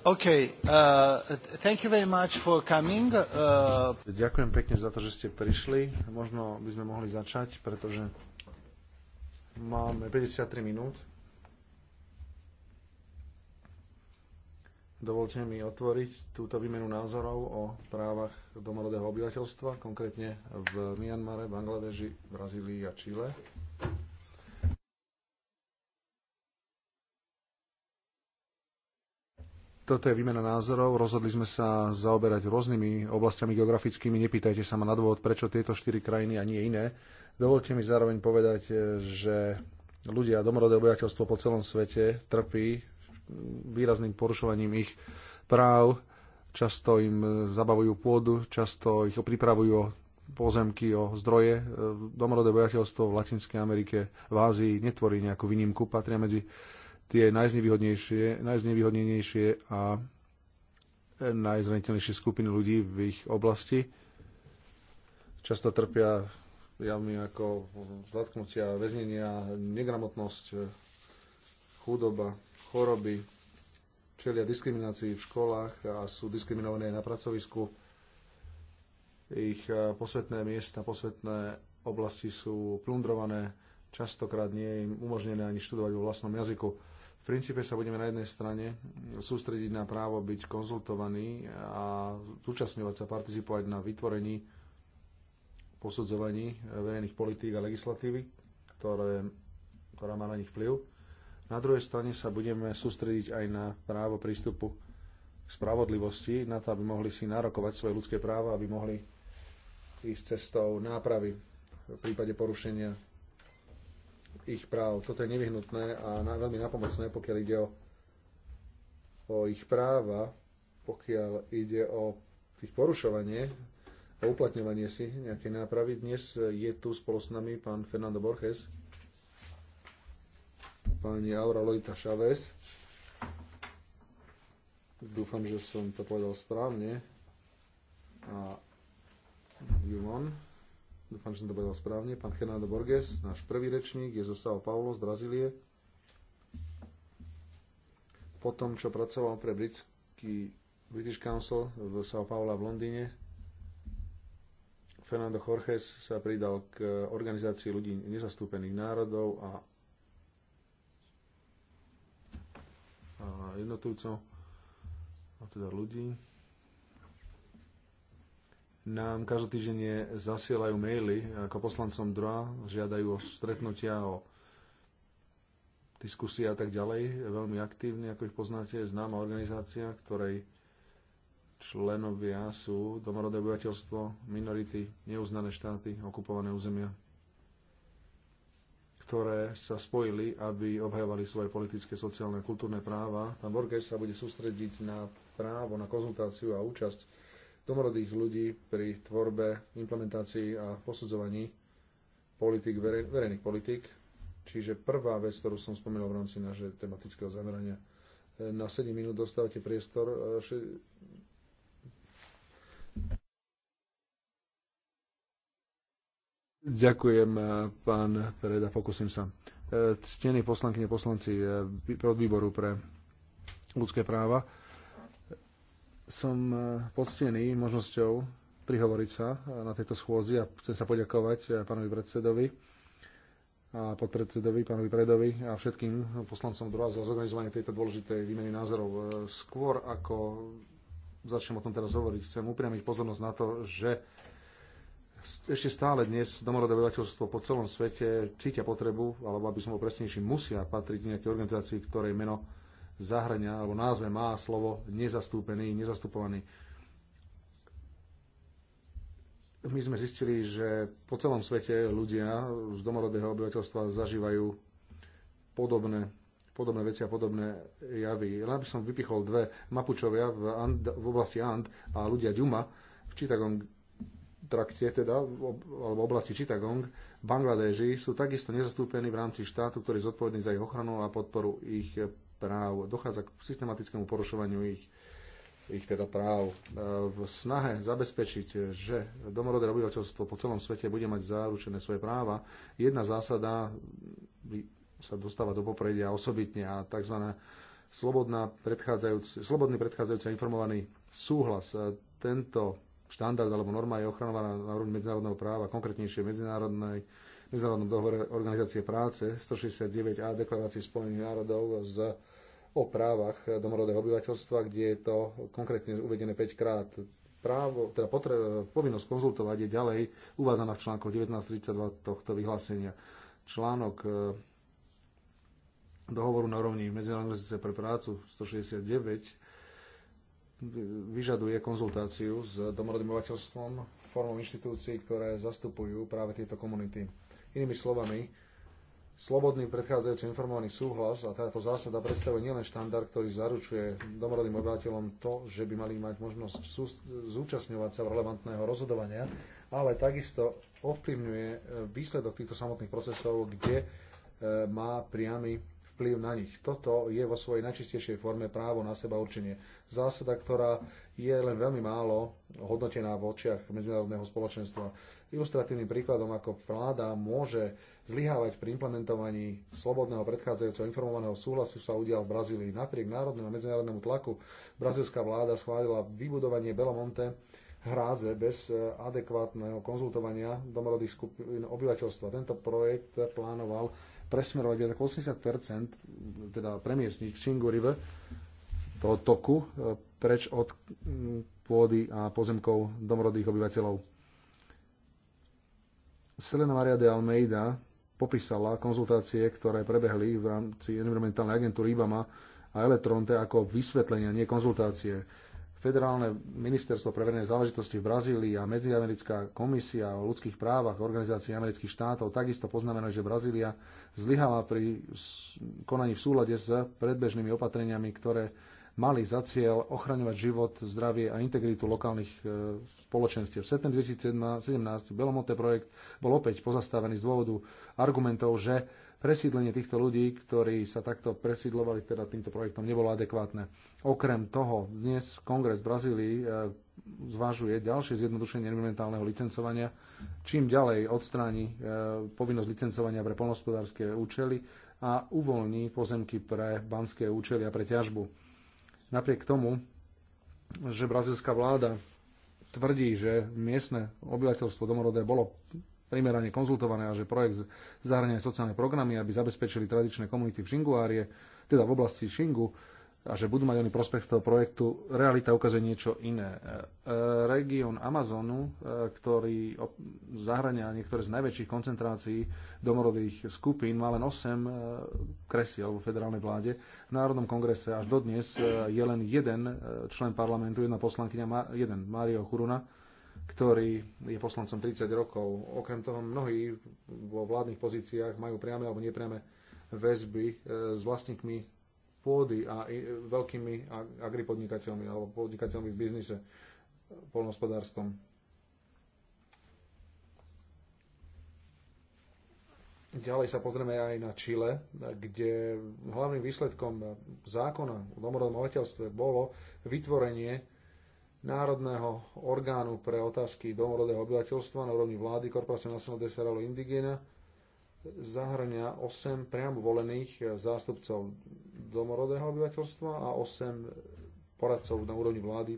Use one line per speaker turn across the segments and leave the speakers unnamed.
Uh, uh, Ďakujem pekne za to, že ste prišli. Možno by sme mohli začať, pretože máme 53 minút. Dovolte mi otvoriť túto výmenu názorov o právach domorodého obyvateľstva, konkrétne v Mianmare, Bangladeži, Brazílii a Číle. toto je výmena názorov. Rozhodli sme sa zaoberať rôznymi oblastiami geografickými. Nepýtajte sa ma na dôvod, prečo tieto štyri krajiny a nie iné. Dovolte mi zároveň povedať, že ľudia, domorodé obyvateľstvo po celom svete trpí výrazným porušovaním ich práv. Často im zabavujú pôdu, často ich pripravujú o pozemky, o zdroje. Domorodé obyvateľstvo v Latinskej Amerike, v Ázii netvorí nejakú výnimku, patria medzi tie najznevýhodnejšie, najznevýhodnenejšie a najzraniteľnejšie skupiny ľudí v ich oblasti. Často trpia javmi ako zatknutia, väznenia, negramotnosť, chudoba, choroby, čelia diskriminácii v školách a sú diskriminované na pracovisku. Ich eh, posvetné miesta, posvetné oblasti sú plundrované, častokrát nie je im umožnené ani študovať vo vlastnom jazyku v princípe sa budeme na jednej strane sústrediť na právo byť konzultovaný a zúčastňovať sa, participovať na vytvorení, posudzovaní verejných politík a legislatívy, ktoré, ktorá má na nich vplyv. Na druhej strane sa budeme sústrediť aj na právo prístupu k spravodlivosti, na to, aby mohli si nárokovať svoje ľudské práva, aby mohli ísť cestou nápravy v prípade porušenia ich práv. Toto je nevyhnutné a na, veľmi napomocné, pokiaľ ide o, o ich práva, pokiaľ ide o ich porušovanie a uplatňovanie si nejaké nápravy. Dnes je tu spolu s nami pán Fernando Borges, pani Aura Lojta Chavez. Dúfam, že som to povedal správne. A Yvonne. Dúfam, že som to povedal správne. Pán Fernando Borges, náš prvý rečník, je zo São Paulo z Brazílie. Po tom, čo pracoval pre britský British Council v São Paulo v Londýne, Fernando Jorges sa pridal k organizácii ľudí nezastúpených národov a, a jednotlivcov, a teda ľudí nám každý týždeň zasielajú maily ako poslancom DRA, žiadajú o stretnutia, o diskusie a tak ďalej. Veľmi aktívne, ako ich poznáte, je známa organizácia, ktorej členovia sú domorodé obyvateľstvo, minority, neuznané štáty, okupované územia, ktoré sa spojili, aby obhajovali svoje politické, sociálne a kultúrne práva. Pán Borges sa bude sústrediť na právo, na konzultáciu a účasť domorodých ľudí pri tvorbe, implementácii a posudzovaní politik, verej, verejných politik. Čiže prvá vec, ktorú som spomenul v rámci nášho tematického zamerania, e, na 7 minút dostávate priestor. E, Ďakujem, e, pán Preda, pokúsim sa. Ctení poslankyne, poslanci podvýboru pre ľudské práva som e, poctený možnosťou prihovoriť sa e, na tejto schôzi a chcem sa poďakovať e, pánovi predsedovi a podpredsedovi, pánovi Predovi a všetkým poslancom druhá za zorganizovanie tejto dôležitej výmeny názorov. Skôr ako začnem o tom teraz hovoriť, chcem upriamiť pozornosť na to, že ešte stále dnes domorodé obyvateľstvo po celom svete cítia potrebu, alebo aby som bol presnejší, musia patriť nejaké organizácii, ktorej meno zahrania, alebo názve má slovo nezastúpený, nezastupovaný. My sme zistili, že po celom svete ľudia z domorodého obyvateľstva zažívajú podobné, podobné veci a podobné javy. Len by som vypichol dve Mapučovia v, And, v oblasti And a ľudia Duma v Čitagong trakte, teda, alebo oblasti Čitagong, Bangladeži sú takisto nezastúpení v rámci štátu, ktorý je zodpovedný za ich ochranu a podporu ich práv, dochádza k systematickému porušovaniu ich, ich teda práv. E, v snahe zabezpečiť, že domorodé obyvateľstvo po celom svete bude mať zaručené svoje práva, jedna zásada sa dostáva do popredia osobitne a tzv. Slobodná predchádzajúci, slobodný predchádzajúci a informovaný súhlas. E, tento štandard alebo norma je ochranovaná na úrovni medzinárodného práva, konkrétnejšie medzinárodnej medzinárodnom dohovore Organizácie práce 169a deklarácie Spojených národov z o právach domorodého obyvateľstva, kde je to konkrétne uvedené 5 krát. Právo, teda potre, povinnosť konzultovať je ďalej uvádzaná v článku 1932 tohto vyhlásenia. Článok e, dohovoru na rovni Medzinárodnej organizácie pre prácu 169 vyžaduje konzultáciu s domorodým obyvateľstvom formou inštitúcií, ktoré zastupujú práve tieto komunity. Inými slovami, slobodný predchádzajúci informovaný súhlas a táto zásada predstavuje nielen štandard, ktorý zaručuje domorodým obyvateľom to, že by mali mať možnosť zúčastňovať sa relevantného rozhodovania, ale takisto ovplyvňuje e, výsledok týchto samotných procesov, kde e, má priamy vplyv na nich. Toto je vo svojej najčistejšej forme právo na seba určenie. Zásada, ktorá je len veľmi málo hodnotená v očiach medzinárodného spoločenstva. Ilustratívnym príkladom, ako vláda môže zlyhávať pri implementovaní slobodného predchádzajúceho informovaného súhlasu sa udial v Brazílii. Napriek národnému a medzinárodnému tlaku brazilská vláda schválila vybudovanie Belomonte hrádze bez e, adekvátneho konzultovania domorodých skupín obyvateľstva. Tento projekt plánoval presmerovať viac ako 80 teda premiesniť Chingu River, toho toku, e, preč od pôdy a pozemkov domorodých obyvateľov. Selena Maria de Almeida popísala konzultácie, ktoré prebehli v rámci environmentálnej agentúry IBAMA a Elektronte ako vysvetlenia, nie konzultácie Federálne ministerstvo pre verejné záležitosti v Brazílii a Medziamerická komisia o ľudských právach organizácií amerických štátov takisto poznamená, že Brazília zlyhala pri konaní v súlade s predbežnými opatreniami, ktoré mali za cieľ ochraňovať život, zdravie a integritu lokálnych e, spoločenstiev. V septembri 2017 Belomonte projekt bol opäť pozastavený z dôvodu argumentov, že presídlenie týchto ľudí, ktorí sa takto presídlovali teda týmto projektom, nebolo adekvátne. Okrem toho, dnes Kongres Brazílii e, zvažuje ďalšie zjednodušenie environmentálneho licencovania, čím ďalej odstráni e, povinnosť licencovania pre polnospodárske účely a uvoľní pozemky pre banské účely a pre ťažbu. Napriek tomu, že brazilská vláda tvrdí, že miestne obyvateľstvo domorodé bolo primerane konzultované a že projekt zahrania sociálne programy, aby zabezpečili tradičné komunity v Šinguárie, teda v oblasti Šingu, a že budú mať oni prospech z toho projektu. Realita ukazuje niečo iné. E, región Amazonu, e, ktorý zahrania niektoré z najväčších koncentrácií domorodých skupín, má len 8 kresiel vo federálnej vláde. V Národnom kongrese až dodnes e, je len jeden člen parlamentu, jedna poslankyňa, jeden Mario Churuna, ktorý je poslancom 30 rokov. Okrem toho mnohí vo vládnych pozíciách majú priame alebo nepriame väzby e, s vlastníkmi pôdy a e, veľkými agripodnikateľmi alebo podnikateľmi v biznise e, polnospodárskom. Ďalej sa pozrieme aj na Čile, kde hlavným výsledkom zákona o domorodom bolo vytvorenie národného orgánu pre otázky domorodého obyvateľstva na úrovni vlády Korporácie Nacional de Saralo Indigena zahrania 8 priam volených zástupcov domorodého obyvateľstva a 8 poradcov na úrovni vlády,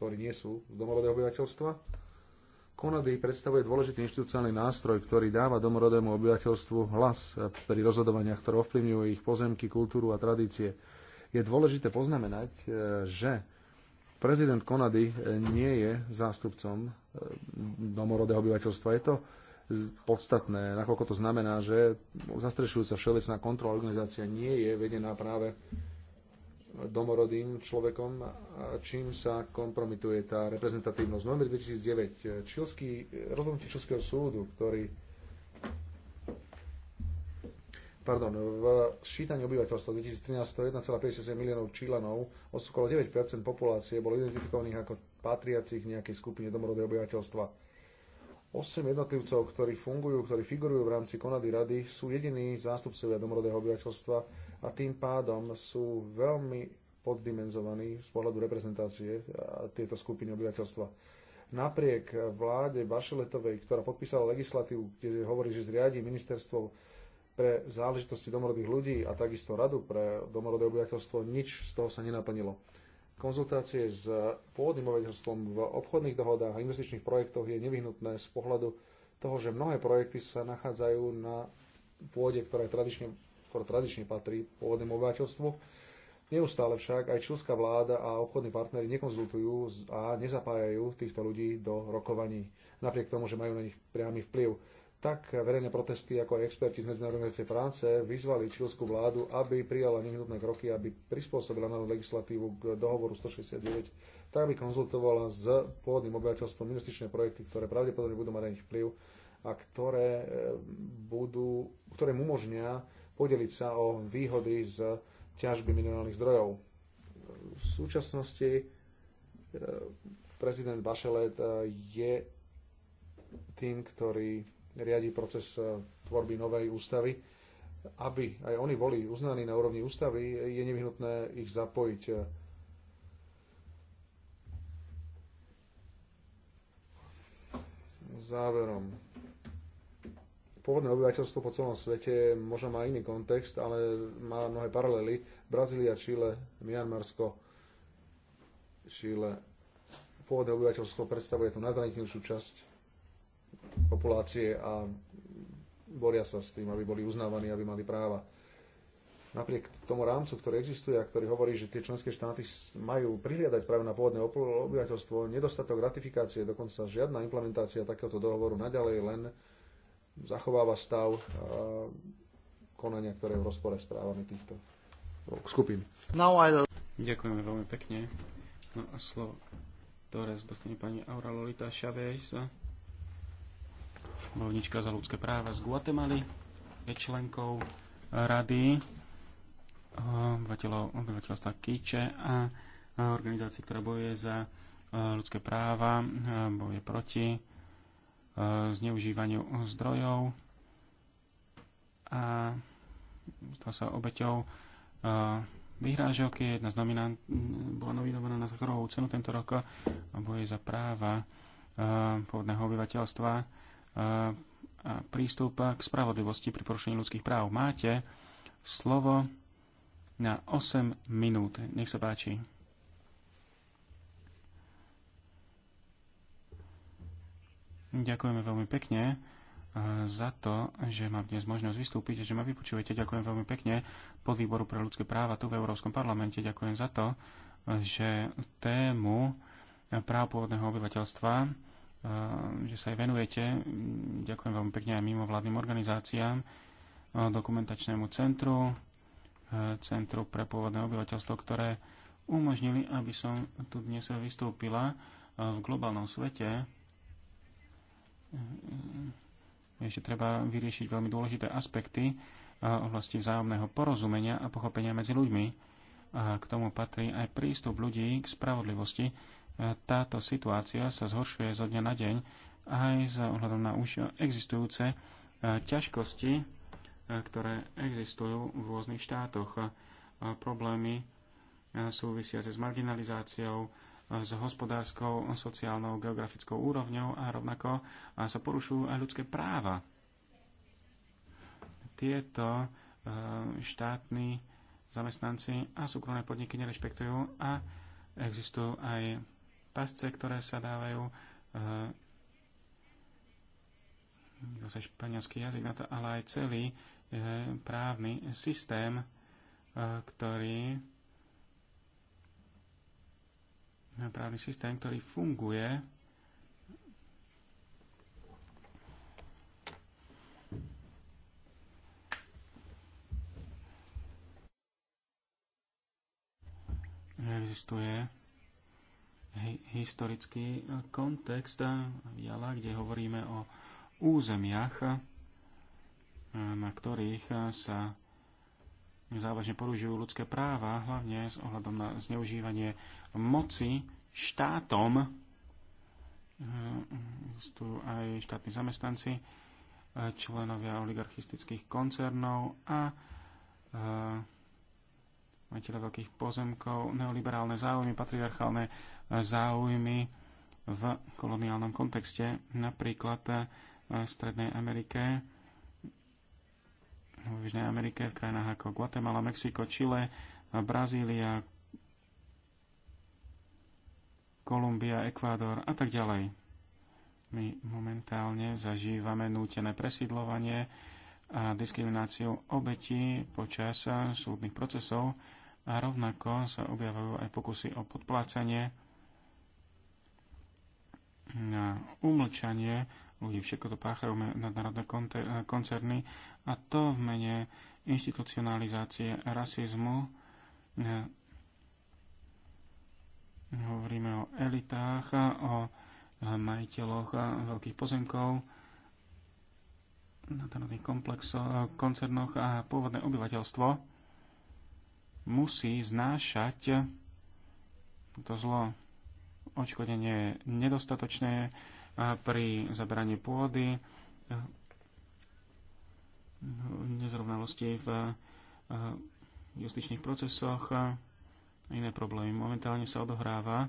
ktorí nie sú z domorodého obyvateľstva. Konady predstavuje dôležitý inštitucionálny nástroj, ktorý dáva domorodému obyvateľstvu hlas pri rozhodovaniach, ktoré ovplyvňujú ich pozemky, kultúru a tradície. Je dôležité poznamenať, e, že Prezident Konady e, nie je zástupcom e, domorodého obyvateľstva. Je to podstatné, nakoľko to znamená, že zastrešujúca všeobecná kontrola organizácia nie je vedená práve domorodým človekom, čím sa kompromituje tá reprezentatívnosť. Nomer 2009 e, čilský, rozhodnutie Čilského súdu, ktorý pardon, v ščítaní obyvateľstva 2013 1,57 miliónov Čílanov, okolo 9% populácie bolo identifikovaných ako patriacich nejakej skupine domorodého obyvateľstva. 8 jednotlivcov, ktorí fungujú, ktorí figurujú v rámci Konady rady, sú jediní zástupcovia domorodého obyvateľstva a tým pádom sú veľmi poddimenzovaní z pohľadu reprezentácie tieto skupiny obyvateľstva napriek vláde Bašeletovej, ktorá podpísala legislatívu, kde hovorí, že zriadi ministerstvo pre záležitosti domorodých ľudí a takisto radu pre domorodé obyvateľstvo, nič z toho sa nenaplnilo. Konzultácie s pôvodným obyvateľstvom v obchodných dohodách a investičných projektoch je nevyhnutné z pohľadu toho, že mnohé projekty sa nachádzajú na pôde, ktorá tradične, ktorá tradične patrí pôvodnému obyvateľstvu. Neustále však aj čilská vláda a obchodní partnery nekonzultujú a nezapájajú týchto ľudí do rokovaní, napriek tomu, že majú na nich priamy vplyv tak verejné protesty, ako aj experti z Medzinárodnej organizácie práce vyzvali čílskú vládu, aby prijala nevyhnutné kroky, aby prispôsobila novú legislatívu k dohovoru 169, tak aby konzultovala s pôvodným obyvateľstvom investičné projekty, ktoré pravdepodobne budú mať aj vplyv a ktoré, eh, budú, ktoré mu umožnia podeliť sa o výhody z ťažby minerálnych zdrojov. V súčasnosti eh, prezident Bachelet eh, je tým, ktorý riadi proces e, tvorby novej ústavy. Aby aj oni boli uznaní na úrovni ústavy, je nevyhnutné ich zapojiť. Záverom. Pôvodné obyvateľstvo po celom svete možno má iný kontext, ale má mnohé paralely. Brazília, Chile, Mianmarsko, Chile. Pôvodné obyvateľstvo predstavuje tú najzraniteľnejšiu časť populácie a boria sa s tým, aby boli uznávaní, aby mali práva. Napriek tomu rámcu, ktorý existuje a ktorý hovorí, že tie členské štáty majú prihliadať práve na pôvodné obyvateľstvo, nedostatok ratifikácie, dokonca žiadna implementácia takéhoto dohovoru naďalej len zachováva stav konania, ktoré je v rozpore s právami týchto
skupín. Ďakujeme veľmi pekne. No a slovo ktoré dostane pani Aura Lolita Chavez bojovnička za ľudské práva z Guatemaly, je členkou rady eh, obyvateľstva Kíče a eh, organizácie, ktorá bojuje za eh, ľudské práva, bojuje proti zneužívaniu zdrojov a stala sa obeťou vyhrážok je jedna z nominant, bola nominovaná na Zachorovú cenu tento rok a boje za práva pôvodného obyvateľstva prístup k spravodlivosti pri porušení ľudských práv. Máte slovo na 8 minút. Nech sa páči. Ďakujeme veľmi pekne za to, že mám dnes možnosť vystúpiť, a že ma vypočujete. Ďakujem veľmi pekne pod výboru pre ľudské práva tu v Európskom parlamente. Ďakujem za to, že tému práv pôvodného obyvateľstva Ehm, že sa aj venujete. Ďakujem veľmi pekne aj mimovládnym organizáciám, e, dokumentačnému centru, e, Centru pre pôvodné obyvateľstvo, ktoré umožnili, aby som tu dnes vystúpila e, v globálnom svete. Ehm, ešte treba vyriešiť veľmi dôležité aspekty oblasti vzájomného porozumenia a pochopenia medzi ľuďmi. A k tomu patrí aj prístup ľudí k spravodlivosti, táto situácia sa zhoršuje zo dňa na deň aj s ohľadom na už existujúce e, ťažkosti, e, ktoré existujú v rôznych štátoch. E, problémy súvisiace s marginalizáciou, s hospodárskou, sociálnou, geografickou úrovňou a rovnako sa porušujú aj ľudské práva. Tieto štátni zamestnanci a súkromné podniky nerešpektujú a existujú aj pasce, ktoré sa dávajú eh, zase španielský jazyk na to, ale aj celý eh, právny systém, eh, ktorý právny systém, ktorý funguje existuje historický kontext eh, Jala, kde hovoríme o územiach, eh, na ktorých eh, sa závažne porušujú ľudské práva, hlavne s ohľadom na zneužívanie moci štátom. Tu aj štátni zamestnanci, členovia oligarchistických koncernov a majiteľa veľkých pozemkov, neoliberálne záujmy, patriarchálne záujmy v koloniálnom kontexte, napríklad eh, v Strednej Amerike, v Južnej Amerike, v krajinách ako Guatemala, Mexiko, Chile, Brazília, Kolumbia, Ekvádor a tak ďalej. My momentálne zažívame nútené presídlovanie a diskrimináciu obetí počas súdnych procesov a rovnako sa objavujú aj pokusy o podplácanie na umlčanie ľudí. Všetko to páchajú nadnárodné eh, koncerny a to v mene inštitucionalizácie rasizmu. Eh, hovoríme o elitách, eh, o majiteľoch veľkých pozemkov, nadnárodných komplexoch, koncernoch a pôvodné obyvateľstvo musí znášať to zlo odškodenie je nedostatočné pri zabraní pôdy, nezrovnalosti v justičných procesoch a iné problémy. Momentálne sa odohráva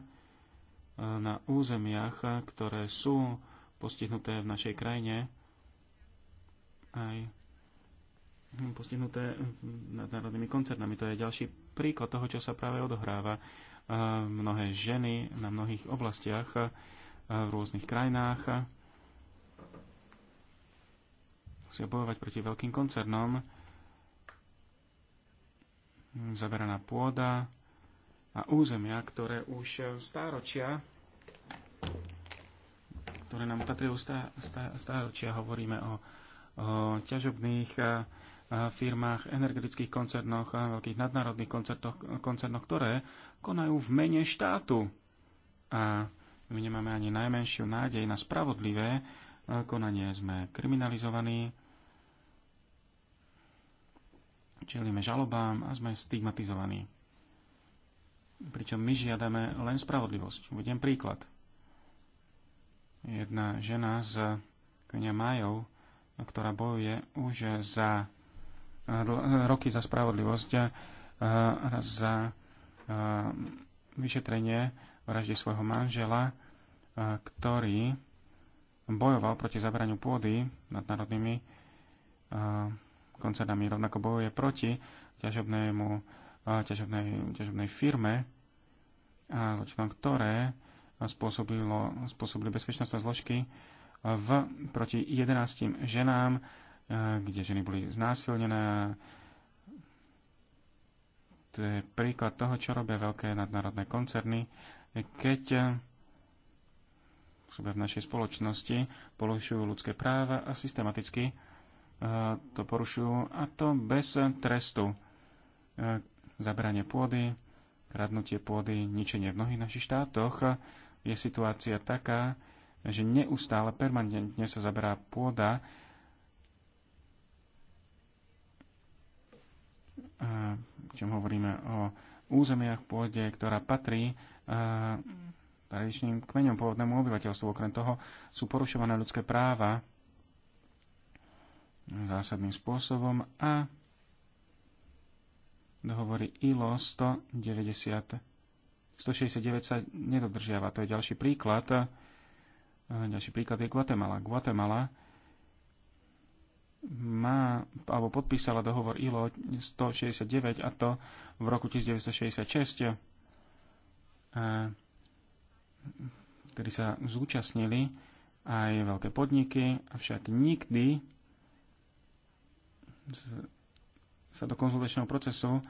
na územiach, ktoré sú postihnuté v našej krajine aj postihnuté nadnárodnými koncernami. To je ďalší príklad toho, čo sa práve odohráva mnohé ženy na mnohých oblastiach v rôznych krajinách. Musia bojovať proti veľkým koncernom. Zaberaná pôda a územia, ktoré už stáročia ktoré nám patrí stá, stá, stáročia. Hovoríme o, o ťažobných firmách, energetických koncernoch a veľkých nadnárodných koncernoch, koncernoch, ktoré konajú v mene štátu. A my nemáme ani najmenšiu nádej na spravodlivé e, konanie. Sme kriminalizovaní, čelíme žalobám a sme stigmatizovaní. Pričom my žiadame len spravodlivosť. Uvediem príklad. Jedna žena z kňa Majov, ktorá bojuje už za roky za spravodlivosť a za vyšetrenie vražde svojho manžela, ktorý bojoval proti zabraniu pôdy nad národnými koncernami. Rovnako bojuje proti ťažobnému, ťažobnej, ťažobnej firme a zločinom, ktoré spôsobili bezpečnostné zložky v proti 11 ženám kde ženy boli znásilnené. To je príklad toho, čo robia veľké nadnárodné koncerny, keď v našej spoločnosti porušujú ľudské práva a systematicky to porušujú a to bez trestu. Zabranie pôdy, kradnutie pôdy, ničenie v mnohých našich štátoch je situácia taká, že neustále permanentne sa zaberá pôda E, čom hovoríme o územiach pôde, ktorá patrí e, tradičným kmeňom pôvodnému obyvateľstvu. Okrem toho sú porušované ľudské práva zásadným spôsobom a dohovory ILO 190, 169 sa nedodržiava. To je ďalší príklad. E, ďalší príklad je Guatemala. Guatemala má, alebo podpísala dohovor ILO 169 a to v roku 1966, eh, ktorí sa zúčastnili aj veľké podniky, avšak nikdy sa do konzultačného procesu eh,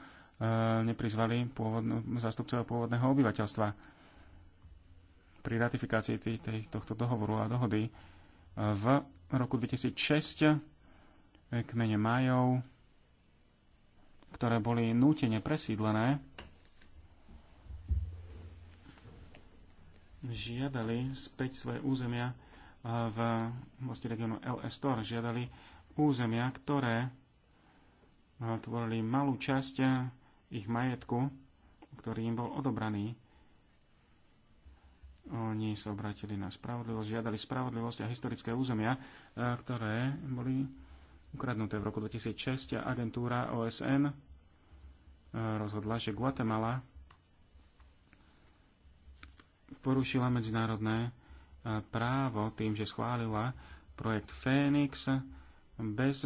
neprizvali pôvodno, zástupcovia pôvodného obyvateľstva. Pri ratifikácii tohto dohovoru a dohody eh, v roku 2006 E, kmene Majov, ktoré boli nútene presídlené, žiadali späť svoje územia e, v vlastne regionu El Estor. žiadali územia, ktoré e, tvorili malú časť ich majetku, ktorý im bol odobraný. Oni sa obratili na spravodlivosť, žiadali spravodlivosť a historické územia, ktoré boli ukradnuté v roku 2006 agentúra OSN e, rozhodla, že Guatemala porušila medzinárodné e, právo tým, že schválila projekt Fénix bez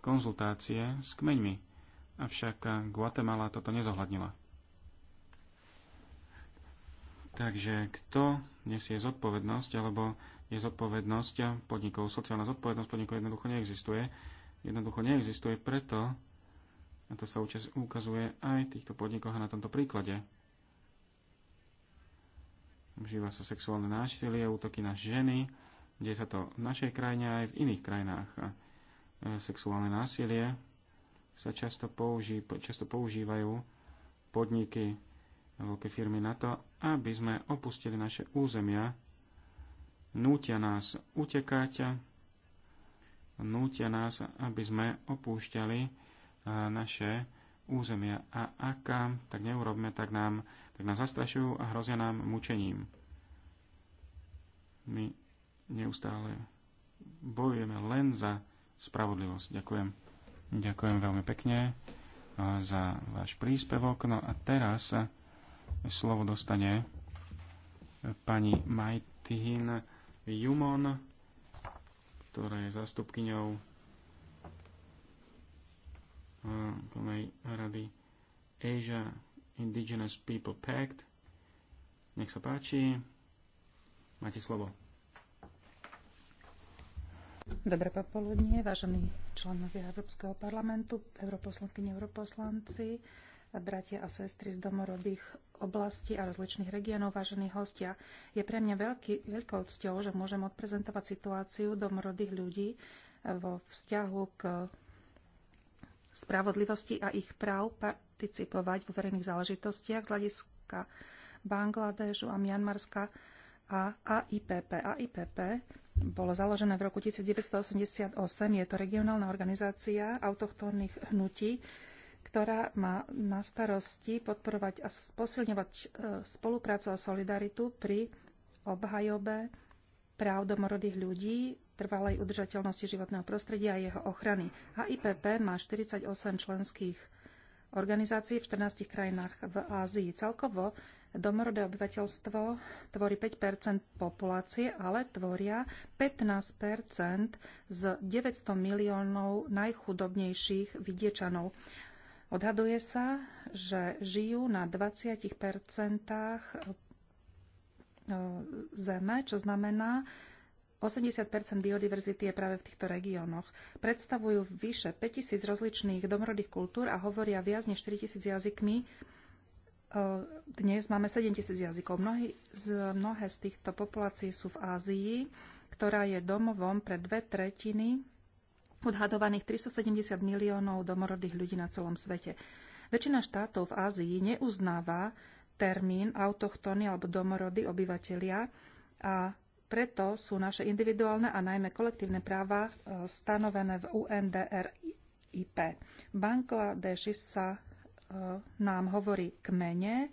konzultácie s kmeňmi. Avšak Guatemala toto nezohľadnila. Takže kto nesie zodpovednosť alebo je zodpovednosť podnikov, sociálna zodpovednosť podnikov jednoducho neexistuje. Jednoducho neexistuje preto, a to sa ukazuje aj v týchto podnikoch a na tomto príklade. Užíva sa sexuálne násilie, útoky na ženy, deje sa to v našej krajine aj v iných krajinách. A e, sexuálne násilie sa často, použí, často používajú podniky veľké firmy na to, aby sme opustili naše územia nútia nás utekať, nútia nás, aby sme opúšťali e, naše územia. A ak tak neurobme, tak, nám, tak nás zastrašujú a hrozia nám mučením. My neustále bojujeme len za spravodlivosť. Ďakujem. Ďakujem veľmi pekne e, za váš príspevok. No a teraz slovo dostane pani majtin. Jumon, ktorá je zastupkyňou plnej rady Asia Indigenous People Pact. Nech sa páči, máte slovo.
Dobré popoludnie, vážení členovia Európskeho parlamentu, europoslanky, europoslanci bratia a sestry z domorodých oblastí a rozličných regiónov, vážení hostia. Je pre mňa veľký, veľkou cťou, že môžem odprezentovať situáciu domorodých ľudí e, vo vzťahu k spravodlivosti a ich práv participovať vo verejných záležitostiach z hľadiska Bangladežu a Mianmarska a AIPP. AIPP bolo založené v roku 1988. Je to regionálna organizácia autochtónnych hnutí, ktorá má na starosti podporovať a posilňovať e, spoluprácu a solidaritu pri obhajobe práv domorodých ľudí, trvalej udržateľnosti životného prostredia a jeho ochrany. HIPP má 48 členských organizácií v 14 krajinách v Ázii. Celkovo domorodé obyvateľstvo tvorí 5 populácie, ale tvoria 15 z 900 miliónov najchudobnejších vidiečanov. Odhaduje sa, že žijú na 20 e, zeme, čo znamená, 80 biodiverzity je práve v týchto regiónoch. Predstavujú vyše 5000 rozličných domorodých kultúr a hovoria viac než 4000 jazykmi. E, dnes máme 7000 jazykov. Mnohí, z, mnohé z týchto populácií sú v Ázii, ktorá je domovom pre dve tretiny odhadovaných 370 miliónov domorodých ľudí na celom svete. Väčšina štátov v Ázii neuznáva termín autochtóny alebo domorody obyvatelia a preto sú naše individuálne a najmä kolektívne práva e, stanovené v UNDRIP. Bangladeši sa e, nám hovorí kmene,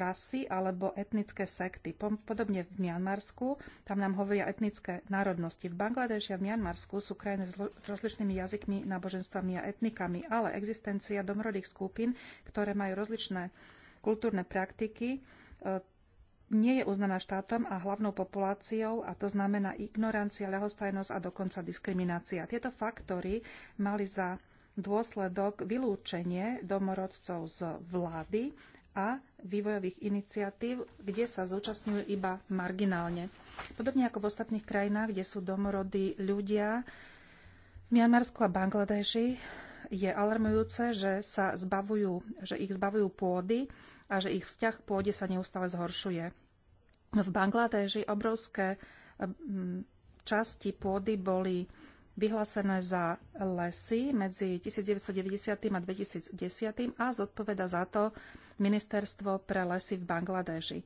rasy alebo etnické sekty. Podobne v Mianmarsku, tam nám hovoria etnické národnosti. V Bangladeši a v Mianmarsku sú krajiny s rozličnými jazykmi, náboženstvami a etnikami, ale existencia domorodých skupín, ktoré majú rozličné kultúrne praktiky, e, nie je uznaná štátom a hlavnou populáciou, a to znamená ignorancia, ľahostajnosť a dokonca diskriminácia. Tieto faktory mali za dôsledok vylúčenie domorodcov z vlády a vývojových iniciatív, kde sa zúčastňujú iba marginálne. Podobne ako v ostatných krajinách, kde sú domorodí ľudia, v Mianmarsku a Bangladeži je alarmujúce, že, sa zbavujú, že ich zbavujú pôdy a že ich vzťah k pôde sa neustále zhoršuje. V Bangladeži obrovské časti pôdy boli vyhlásené za lesy medzi 1990. a 2010. a zodpoveda za to Ministerstvo pre lesy v Bangladeži.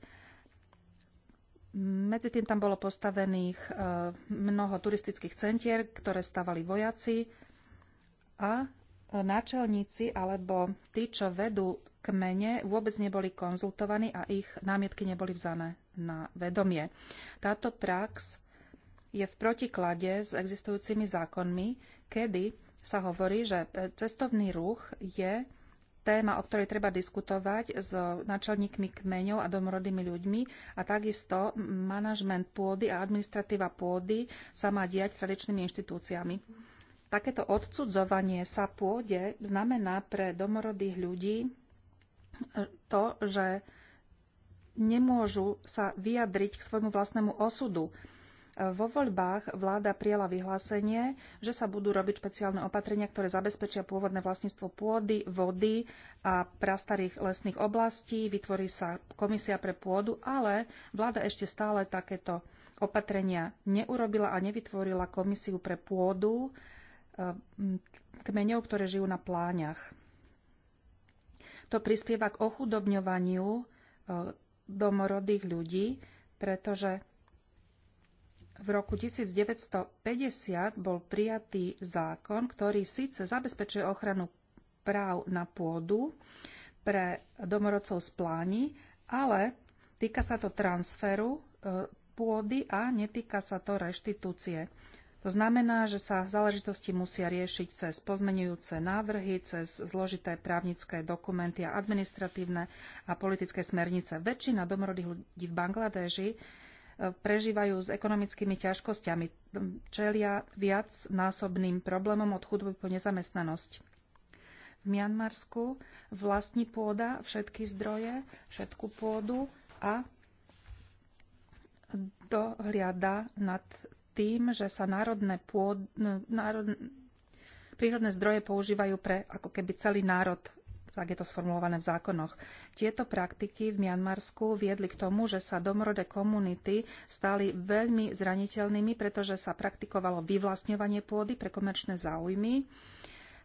Medzi tým tam bolo postavených e, mnoho turistických centier, ktoré stavali vojaci a náčelníci alebo tí, čo vedú kmene, vôbec neboli konzultovaní a ich námietky neboli vzané na vedomie. Táto prax je v protiklade s existujúcimi zákonmi, kedy sa hovorí, že e, cestovný ruch je téma, o ktorej treba diskutovať s náčelníkmi kmeňov a domorodými ľuďmi a takisto manažment pôdy a administratíva pôdy sa má diať tradičnými inštitúciami. Takéto odcudzovanie sa pôde znamená pre domorodých ľudí e, to, že nemôžu sa vyjadriť k svojmu vlastnému osudu. Vo voľbách vláda prijala vyhlásenie, že sa budú robiť špeciálne opatrenia, ktoré zabezpečia pôvodné vlastníctvo pôdy, vody a prastarých lesných oblastí. Vytvorí sa komisia pre pôdu, ale vláda ešte stále takéto opatrenia neurobila a nevytvorila komisiu pre pôdu e, kmeňov, ktoré žijú na pláňach. To prispieva k ochudobňovaniu e, domorodých ľudí, pretože v roku 1950 bol prijatý zákon, ktorý síce zabezpečuje ochranu práv na pôdu pre domorodcov z pláni, ale týka sa to transferu e, pôdy a netýka sa to reštitúcie. To znamená, že sa záležitosti musia riešiť cez pozmenujúce návrhy, cez zložité právnické dokumenty a administratívne a politické smernice. Väčšina domorodých ľudí v Bangladeži prežívajú s ekonomickými ťažkosťami, čelia viac násobným problémom od chudoby po nezamestnanosť. V Mianmarsku vlastní pôda, všetky zdroje, všetku pôdu a dohliada nad tým, že sa národné, pôd, národ, prírodné zdroje používajú pre ako keby celý národ ak je to sformulované v zákonoch. Tieto praktiky v Mianmarsku viedli k tomu, že sa domorodé komunity stali veľmi zraniteľnými, pretože sa praktikovalo vyvlastňovanie pôdy pre komerčné záujmy.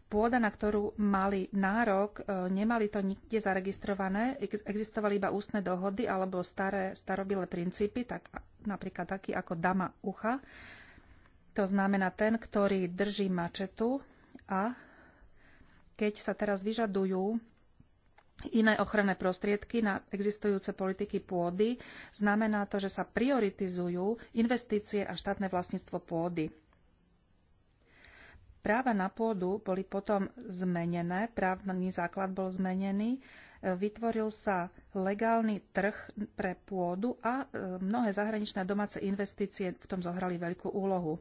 Pôda, na ktorú mali nárok, e, nemali to nikde zaregistrované, existovali iba ústne dohody alebo staré starobile princípy, tak napríklad taký ako dama ucha. To znamená, ten, ktorý drží mačetu a keď sa teraz vyžadujú iné ochranné prostriedky na existujúce politiky pôdy, znamená to, že sa prioritizujú investície a štátne vlastníctvo pôdy. Práva na pôdu boli potom zmenené, právny základ bol zmenený, vytvoril sa legálny trh pre pôdu a e, mnohé zahraničné domáce investície v tom zohrali veľkú úlohu.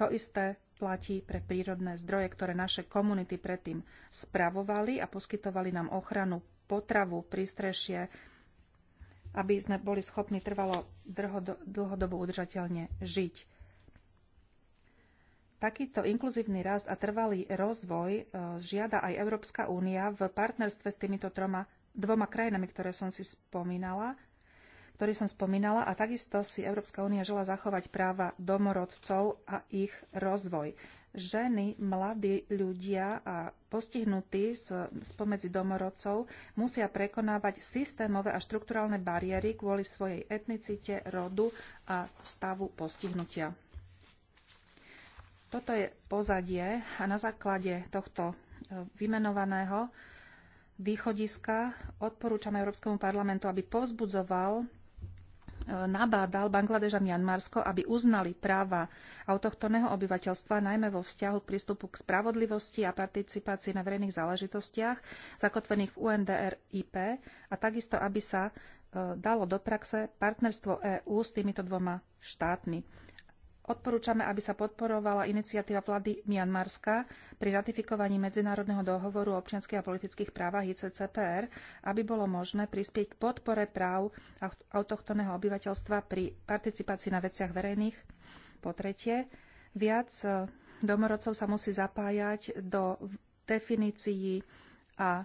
To isté platí pre prírodné zdroje, ktoré naše komunity predtým spravovali a poskytovali nám ochranu, potravu, prístrešie, aby sme boli schopní trvalo dlhodobo udržateľne žiť. Takýto inkluzívny rast a trvalý rozvoj e, žiada aj Európska únia v partnerstve s týmito troma, dvoma krajinami, ktoré som si spomínala – ktorý som spomínala a takisto si Európska únia žela zachovať práva domorodcov a ich rozvoj. Ženy, mladí ľudia a postihnutí spomedzi domorodcov musia prekonávať systémové a štrukturálne bariéry kvôli svojej etnicite, rodu a stavu postihnutia. Toto je pozadie a na základe tohto e, vymenovaného východiska odporúčam Európskemu parlamentu, aby povzbudzoval nabádal Bangladeš a Mianmarsko, aby uznali práva autochtónneho obyvateľstva, najmä vo vzťahu k prístupu k spravodlivosti a participácii na verejných záležitostiach zakotvených v UNDRIP a takisto, aby sa e, dalo do praxe partnerstvo EÚ s týmito dvoma štátmi. Odporúčame, aby sa podporovala iniciatíva vlády Mianmarska pri ratifikovaní Medzinárodného dohovoru o občianských a politických právach ICCPR, aby bolo možné prispieť k podpore práv autochtónneho obyvateľstva pri participácii na veciach verejných. Po tretie, viac e, domorodcov sa musí zapájať do definícií a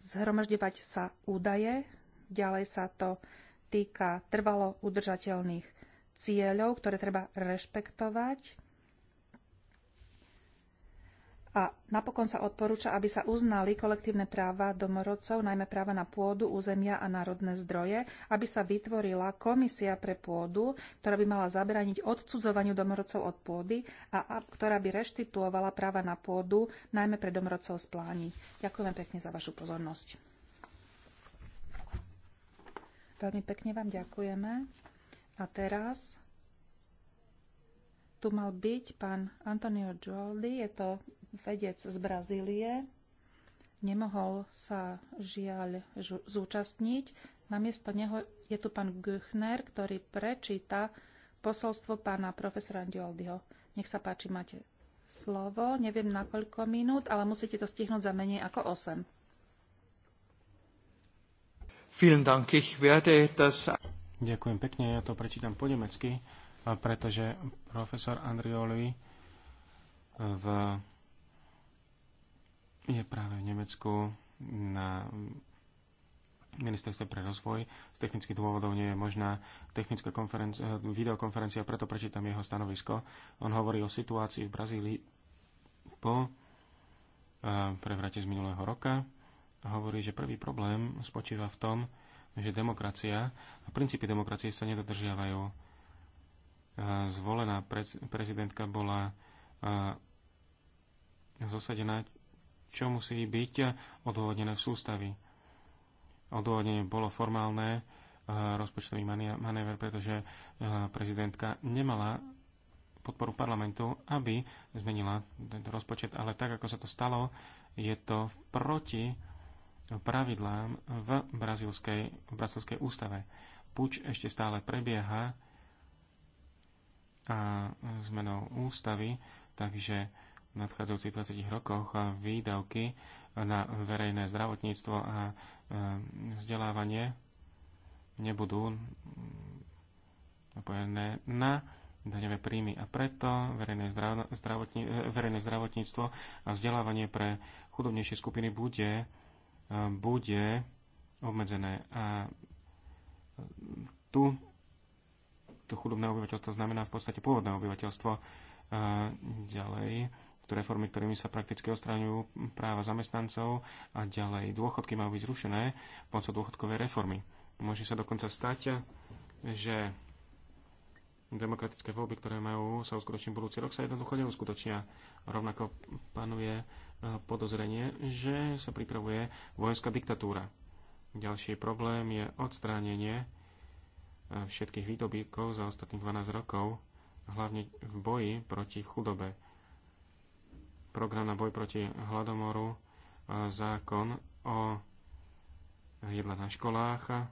zhromažďovať sa údaje. Ďalej sa to týka trvalo udržateľných cieľov, ktoré treba rešpektovať. A napokon sa odporúča, aby sa uznali kolektívne práva domorodcov, najmä práva na pôdu, územia a národné zdroje, aby sa vytvorila komisia pre pôdu, ktorá by mala zabrániť odcudzovaniu domorodcov od pôdy a, a ktorá by reštituovala práva na pôdu, najmä pre domorodcov z pláni. Ďakujem pekne za vašu pozornosť. Veľmi pekne vám ďakujeme. A teraz tu mal byť pán Antonio Gioldi, je to vedec z Brazílie. Nemohol sa žiaľ zúčastniť. Namiesto neho je tu pán Güchner, ktorý prečíta posolstvo pána profesora Gioldiho. Nech sa páči, máte slovo. Neviem na koľko minút, ale musíte to stihnúť za menej ako 8.
Vielen Dank. Ich werde das Ďakujem pekne, ja to prečítam po nemecky, pretože profesor Andrioli e, v, je práve v Nemecku na ministerstve pre rozvoj. Z technických dôvodov nie je možná technická konferencia, e, videokonferencia, preto prečítam jeho stanovisko. On hovorí o situácii v Brazílii po e, prevrate z minulého roka. Hovorí, že prvý problém spočíva v tom, že demokracia a princípy demokracie sa nedodržiavajú. E, zvolená prezidentka bola e, zosadená, čo musí byť odôvodnené v sústavy. Odôvodnenie bolo formálne, e, rozpočtový manéver, pretože prezidentka nemala podporu parlamentu, aby zmenila tento rozpočet, ale tak, ako sa to stalo, je to proti pravidlám v brazilskej, v brazilskej ústave. Puč ešte stále prebieha a zmenou ústavy, takže v nadchádzajúcich 20 rokoch výdavky na verejné zdravotníctvo a e, vzdelávanie nebudú napojené na daňové príjmy. A preto verejné, zdravotní, verejné zdravotníctvo a vzdelávanie pre chudobnejšie skupiny bude bude obmedzené. A tu to chudobné obyvateľstvo znamená v podstate pôvodné obyvateľstvo a ďalej reformy, ktorými sa prakticky odstraňujú práva zamestnancov a ďalej dôchodky majú byť zrušené pomocou dôchodkovej reformy. Môže sa dokonca stať, že demokratické voľby, ktoré majú sa uskutočniť budúci rok, sa jednoducho neuskutočnia. Rovnako panuje e, podozrenie, že sa pripravuje vojenská diktatúra. Ďalší problém je odstránenie e, všetkých výdobíkov za ostatných 12 rokov, hlavne v boji proti chudobe. Program na boj proti hladomoru, e, zákon o jedle na školách,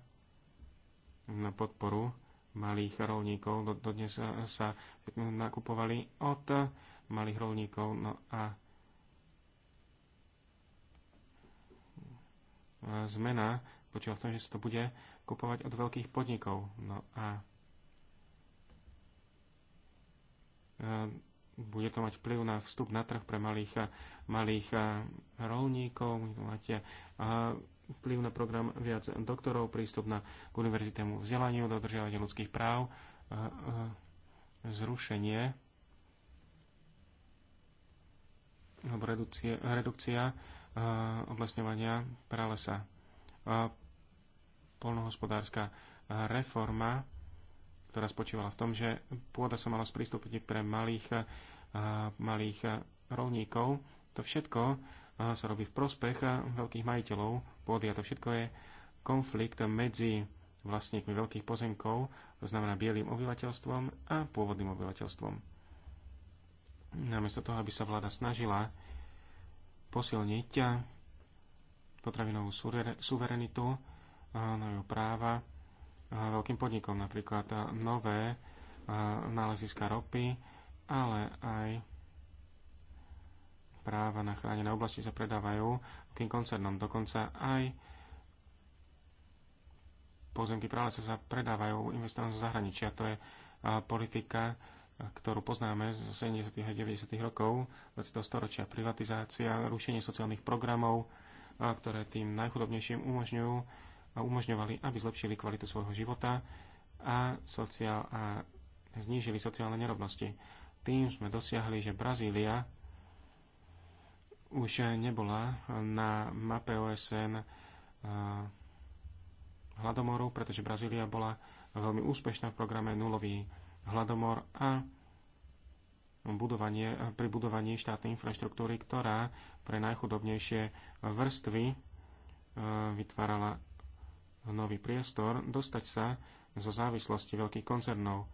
na podporu malých rolníkov. Dodnes eh, sa nakupovali od eh, malých rolníkov. No a eh, zmena počíva v tom, že sa to bude kupovať od veľkých podnikov. No a bude to mať vplyv na vstup na trh pre malých, malých rolníkov, bude to mať vplyv na program viac doktorov, prístup na, k univerzitému vzdelaniu, dodržiavanie ľudských práv, zrušenie alebo redukcie, redukcia oblesňovania pralesa. Polnohospodárska reforma, ktorá spočívala v tom, že pôda sa mala sprístupniť pre malých, malých rolníkov. To všetko sa robí v prospech veľkých majiteľov pôdy a to všetko je konflikt medzi vlastníkmi veľkých pozemkov, to znamená bielým obyvateľstvom a pôvodným obyvateľstvom. Namiesto toho, aby sa vláda snažila posilniť potravinovú suverenitu, jeho práva veľkým podnikom, napríklad nové náleziska ropy, ale aj práva na chránené oblasti sa predávajú tým koncernom. Dokonca aj pozemky pralesa sa predávajú investorom z zahraničia. To je politika, ktorú poznáme z 70. a 90. rokov 20. storočia. Privatizácia, rušenie sociálnych programov, ktoré tým najchudobnejším umožňujú a umožňovali, aby zlepšili kvalitu svojho života a, sociál, a znížili sociálne nerovnosti. Tým sme dosiahli, že Brazília už nebola na mape OSN eh, hladomoru, pretože Brazília bola veľmi úspešná v programe nulový hladomor a budovanie, pri budovaní štátnej infraštruktúry, ktorá pre najchudobnejšie vrstvy eh, vytvárala nový priestor dostať sa zo závislosti veľkých koncernov.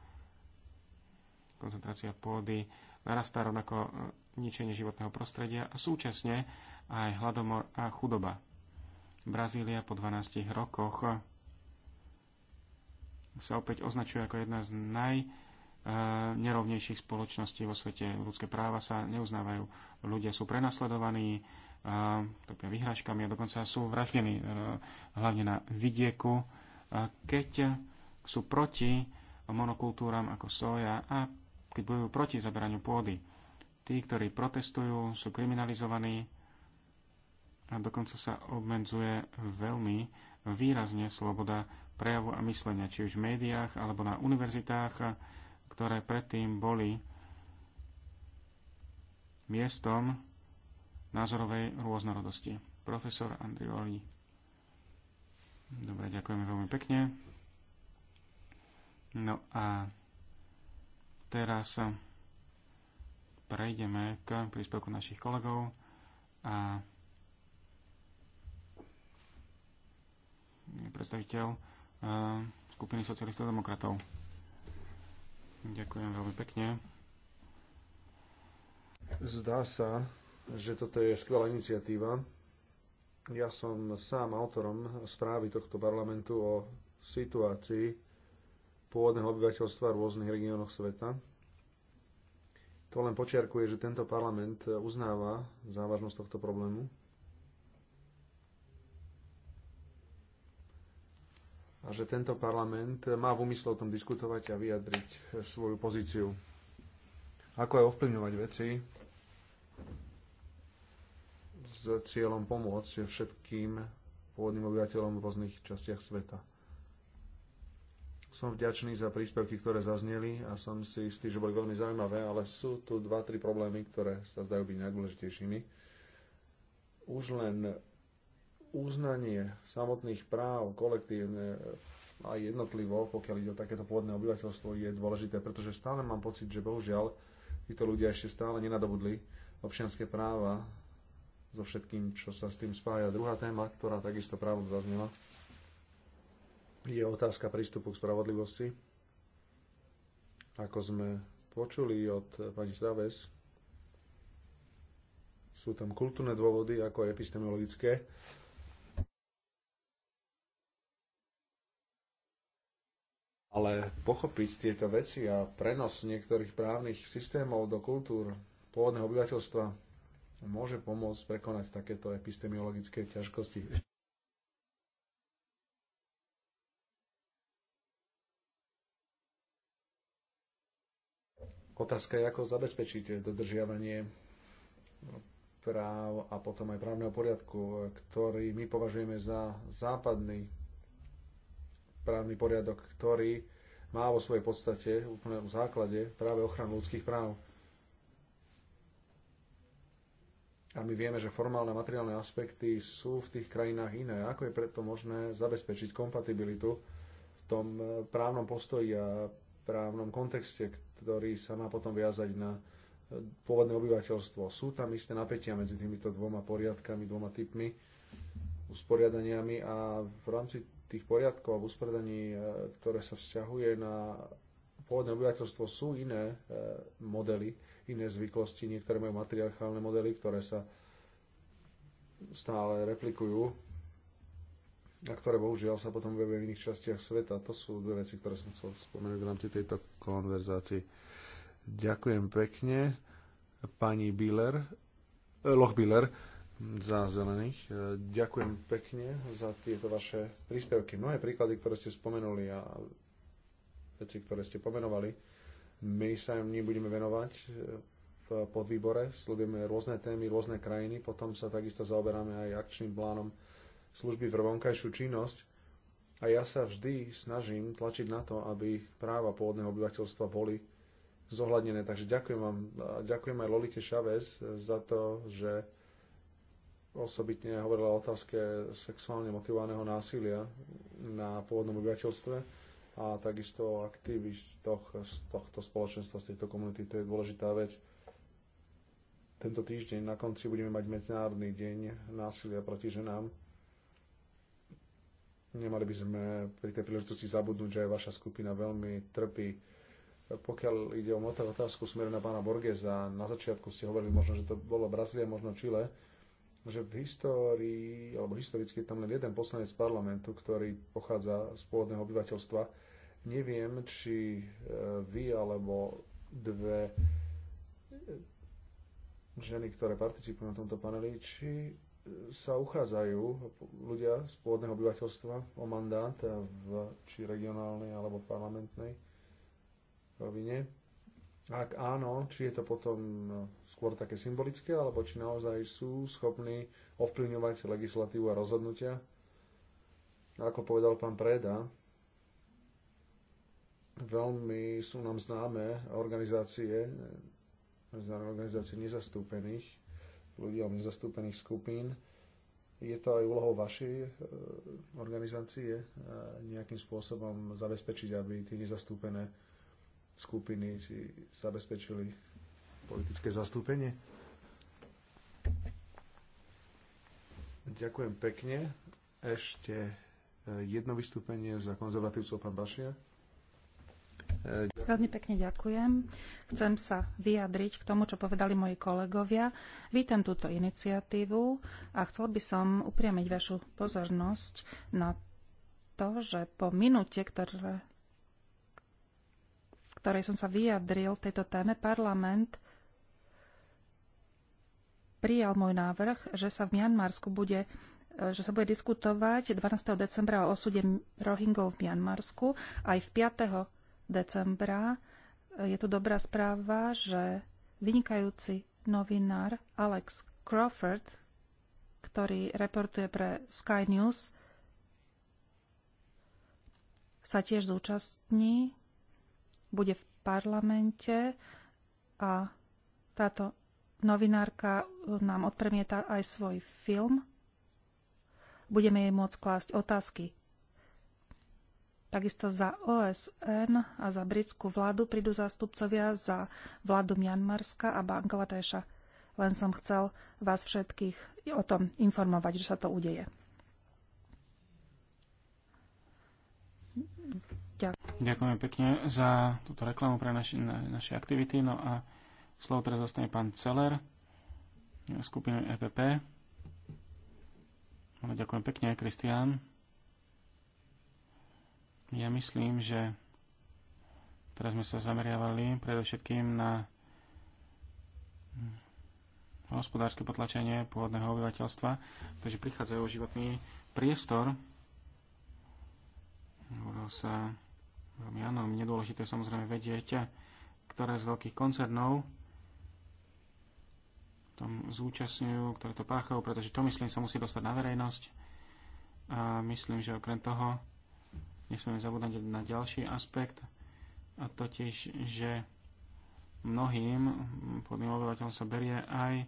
Koncentrácia pôdy narastá rovnako eh, ničenie životného prostredia a súčasne aj hladomor a chudoba. Brazília po 12 rokoch sa opäť označuje ako jedna z najnerovnejších spoločností vo svete. Ľudské práva sa neuznávajú. Ľudia sú prenasledovaní, topia vyhražkami a dokonca sú vraždení, e, hlavne na vidieku, keď sú proti monokultúram ako soja a keď bojujú proti zaberaniu pôdy. Tí, ktorí protestujú, sú kriminalizovaní a dokonca sa obmedzuje veľmi výrazne sloboda prejavu a myslenia, či už v médiách alebo na univerzitách, ktoré predtým boli miestom názorovej rôznorodosti. Profesor Andrioli. Dobre, ďakujeme veľmi pekne. No a teraz prejdeme k príspevku našich kolegov a predstaviteľ eh, skupiny socialistov a demokratov. Ďakujem veľmi pekne.
Zdá sa, že toto je skvelá iniciatíva. Ja som sám autorom správy tohto parlamentu o situácii pôvodného obyvateľstva v rôznych regiónoch sveta to len počiarkuje, že tento parlament e, uznáva závažnosť tohto problému. A že tento parlament e, má v úmysle o tom diskutovať a vyjadriť e, svoju pozíciu. Ako aj ovplyvňovať veci s cieľom pomôcť všetkým pôvodným obyvateľom v rôznych častiach sveta. Som vďačný za príspevky, ktoré zazneli a som si istý, že boli veľmi zaujímavé, ale sú tu dva, tri problémy, ktoré sa zdajú byť najdôležitejšími. Už len uznanie samotných práv kolektívne a jednotlivo, pokiaľ ide o takéto pôvodné obyvateľstvo, je dôležité, pretože stále mám pocit, že bohužiaľ títo ľudia ešte stále nenadobudli občianské práva so všetkým, čo sa s tým spája. Druhá téma, ktorá takisto právom zaznela, je otázka prístupu k spravodlivosti. Ako sme počuli od pani Staves, sú tam kultúrne dôvody ako aj epistemologické. Ale pochopiť tieto veci a prenos niektorých právnych systémov do kultúr pôvodného obyvateľstva môže pomôcť prekonať takéto epistemiologické ťažkosti. Otázka je, ako zabezpečiť dodržiavanie práv a potom aj právneho poriadku, ktorý my považujeme za západný právny poriadok, ktorý má vo svojej podstate, úplne v základe, práve ochranu ľudských práv. A my vieme, že formálne a materiálne aspekty sú v tých krajinách iné. Ako je preto možné zabezpečiť kompatibilitu v tom eh, právnom postoji a právnom kontexte, ktorý sa má potom viazať na e, pôvodné obyvateľstvo. Sú tam isté napätia medzi týmito dvoma poriadkami, dvoma typmi usporiadaniami a v rámci tých poriadkov a usporiadaní, e, ktoré sa vzťahuje na pôvodné obyvateľstvo, sú iné e, modely, iné zvyklosti. Niektoré majú matriarchálne modely, ktoré sa stále replikujú a ktoré bohužiaľ sa potom vie v iných častiach sveta. To sú dve veci, ktoré som chcel spomenúť v rámci tejto konverzácii. Ďakujem pekne pani Biller, eh, Loch Biller za zelených. Eh, ďakujem pekne za tieto vaše príspevky. Mnohé príklady, ktoré ste spomenuli a veci, ktoré ste pomenovali, my sa im nebudeme venovať eh, v podvýbore. Sledujeme rôzne témy, rôzne krajiny. Potom sa takisto zaoberáme aj akčným plánom služby pre vonkajšiu činnosť a ja sa vždy snažím tlačiť na to, aby práva pôvodného obyvateľstva boli zohľadnené. Takže ďakujem vám, ďakujem aj Lolite Chavez za to, že osobitne hovorila o otázke sexuálne motivovaného násilia na pôvodnom obyvateľstve a takisto o aktivistoch z tohto spoločenstva, z tejto komunity. To je dôležitá vec. Tento týždeň na konci budeme mať Medzinárodný deň násilia proti ženám. Nemali by sme pri tej príležitosti zabudnúť, že aj vaša skupina veľmi trpí. Pokiaľ ide o otázku smeru na pána Borgesa, na začiatku ste hovorili možno, že to bolo Brazília, možno Čile, že v histórii, alebo historicky tam len jeden poslanec parlamentu, ktorý pochádza z pôvodného obyvateľstva. Neviem, či e, vy alebo dve e, ženy, ktoré participujú na tomto paneli, či sa uchádzajú ľudia z pôvodného obyvateľstva o mandát e, v či regionálnej alebo parlamentnej rovine. Ak áno, či je to potom e, skôr také symbolické, alebo či naozaj sú schopní ovplyvňovať legislatívu a rozhodnutia. No, ako povedal pán Preda, veľmi sú nám známe organizácie, e, organizácie nezastúpených ľuďom nezastúpených skupín. Je to aj úlohou vašej e, organizácie e, nejakým spôsobom zabezpečiť, aby tie nezastúpené skupiny si zabezpečili politické zastúpenie? Ďakujem pekne. Ešte e, jedno vystúpenie za konzervatívcov pán Bašia. E,
Veľmi pekne ďakujem. Chcem sa vyjadriť k tomu, čo povedali moji kolegovia. Vítam túto iniciatívu a chcel by som upriamiť vašu pozornosť na to, že po minúte, ktoré, v ktorej som sa vyjadril tejto téme, parlament prijal môj návrh, že sa v Mianmarsku bude e, že sa bude diskutovať 12. decembra o osude Rohingov v Mianmarsku. Aj v 5 decembra. Je tu dobrá správa, že vynikajúci novinár Alex Crawford, ktorý reportuje pre Sky News, sa tiež zúčastní, bude v parlamente a táto novinárka nám odpremieta aj svoj film. Budeme jej môcť klásť otázky Takisto za OSN a za britskú vládu prídu zástupcovia za vládu Mianmarska a Bangladeša. Len som chcel vás všetkých o tom informovať, že sa to udeje.
Ďakujem. pekne za túto reklamu pre naši, na, naše aktivity. No a slovo teraz zostane pán Celer, skupiny EPP. No, ďakujem pekne, Kristián. Ja myslím, že teraz sme sa zameriavali predovšetkým na hospodárske potlačenie pôvodného obyvateľstva, pretože prichádzajú o životný priestor. Hovoril sa veľmi áno, nedôležité samozrejme vedieť, ktoré z veľkých koncernov tom zúčastňujú, ktoré to páchajú, pretože to myslím sa musí dostať na verejnosť. A myslím, že okrem toho nesmieme zabúdať na ďalší aspekt, a totiž, že mnohým podným obyvateľom sa berie aj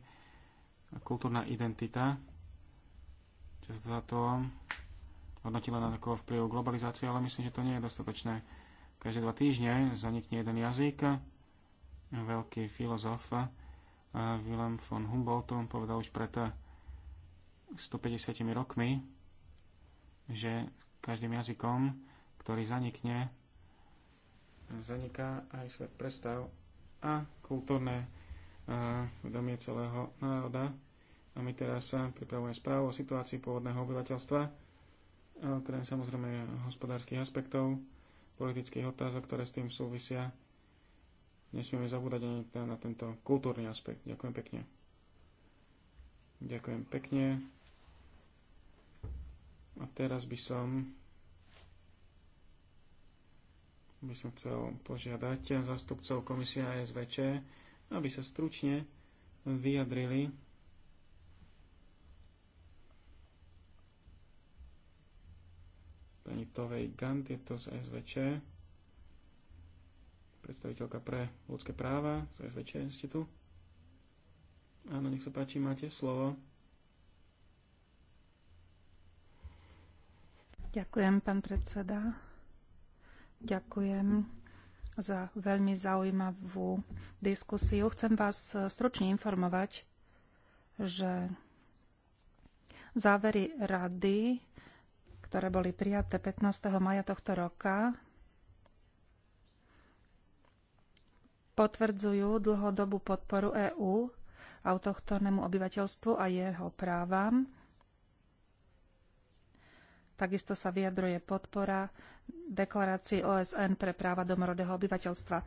kultúrna identita, čo sa to hodnotila na takový vplyv globalizácie, ale myslím, že to nie je dostatočné. Každé dva týždne zanikne jeden jazyk. Veľký filozof eh, Willem von Humboldt povedal už pred 150 eh, rokmi, že každým jazykom ktorý zanikne, zaniká aj svet prestav a kultúrne e, vedomie celého národa. A my teraz pripravujeme správu o situácii pôvodného obyvateľstva, e, okrem samozrejme hospodárskych aspektov, politických otázok, ktoré s tým súvisia. Nesmieme zabúdať ani na tento kultúrny aspekt. Ďakujem pekne. Ďakujem pekne. A teraz by som by som chcel požiadať zastupcov komisie ASVČ, aby sa stručne vyjadrili pani Tovej Gant, je to z SVČ, predstaviteľka pre ľudské práva z SVČ, ste tu? Áno, nech sa páči, máte slovo.
Ďakujem, pán predseda. Ďakujem za veľmi zaujímavú diskusiu. Chcem vás e, stručne informovať, že závery rady, ktoré boli prijaté 15. maja tohto roka, potvrdzujú dlhodobú podporu EÚ autochtónnemu obyvateľstvu a jeho právam. Takisto sa vyjadruje podpora deklarácii OSN pre práva domorodého obyvateľstva.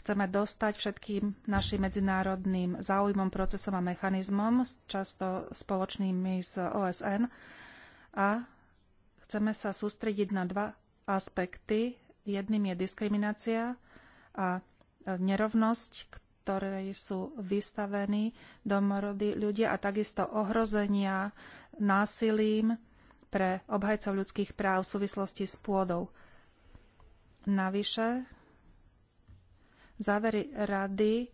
Chceme dostať všetkým našim medzinárodným záujmom, procesom a mechanizmom, často spoločnými s OSN, a chceme sa sústrediť na dva aspekty. Jedným je diskriminácia a nerovnosť, ktorej sú vystavení domorodí ľudia a takisto ohrozenia násilím, pre obhajcov ľudských práv v súvislosti s pôdou. Navyše, závery rady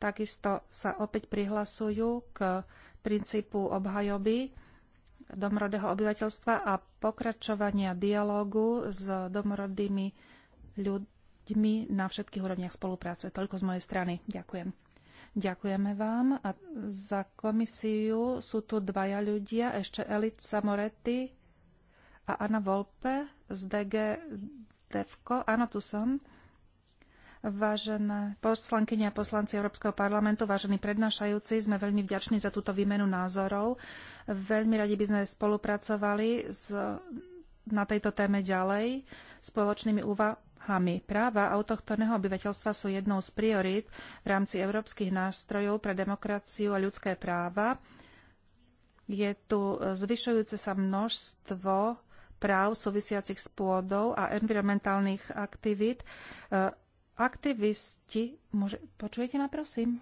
takisto sa opäť prihlasujú k princípu obhajoby domorodého obyvateľstva a pokračovania dialógu s domorodými ľuďmi na všetkých úrovniach spolupráce. Toľko z mojej strany. Ďakujem. Ďakujeme vám. A za komisiu sú tu dvaja ľudia, ešte Elica Moretti a Anna Volpe z DG Devko. Áno, tu som. Vážené poslankyne a poslanci Európskeho parlamentu, vážení prednášajúci, sme veľmi vďační za túto výmenu názorov. Veľmi radi by sme spolupracovali s, na tejto téme ďalej spoločnými úvahami Hami. Práva autochtónneho obyvateľstva sú jednou z priorít v rámci európskych nástrojov pre demokraciu a ľudské práva. Je tu e, zvyšujúce sa množstvo práv súvisiacich s pôdou a environmentálnych aktivít. E, aktivisti... Môže, počujete ma, prosím?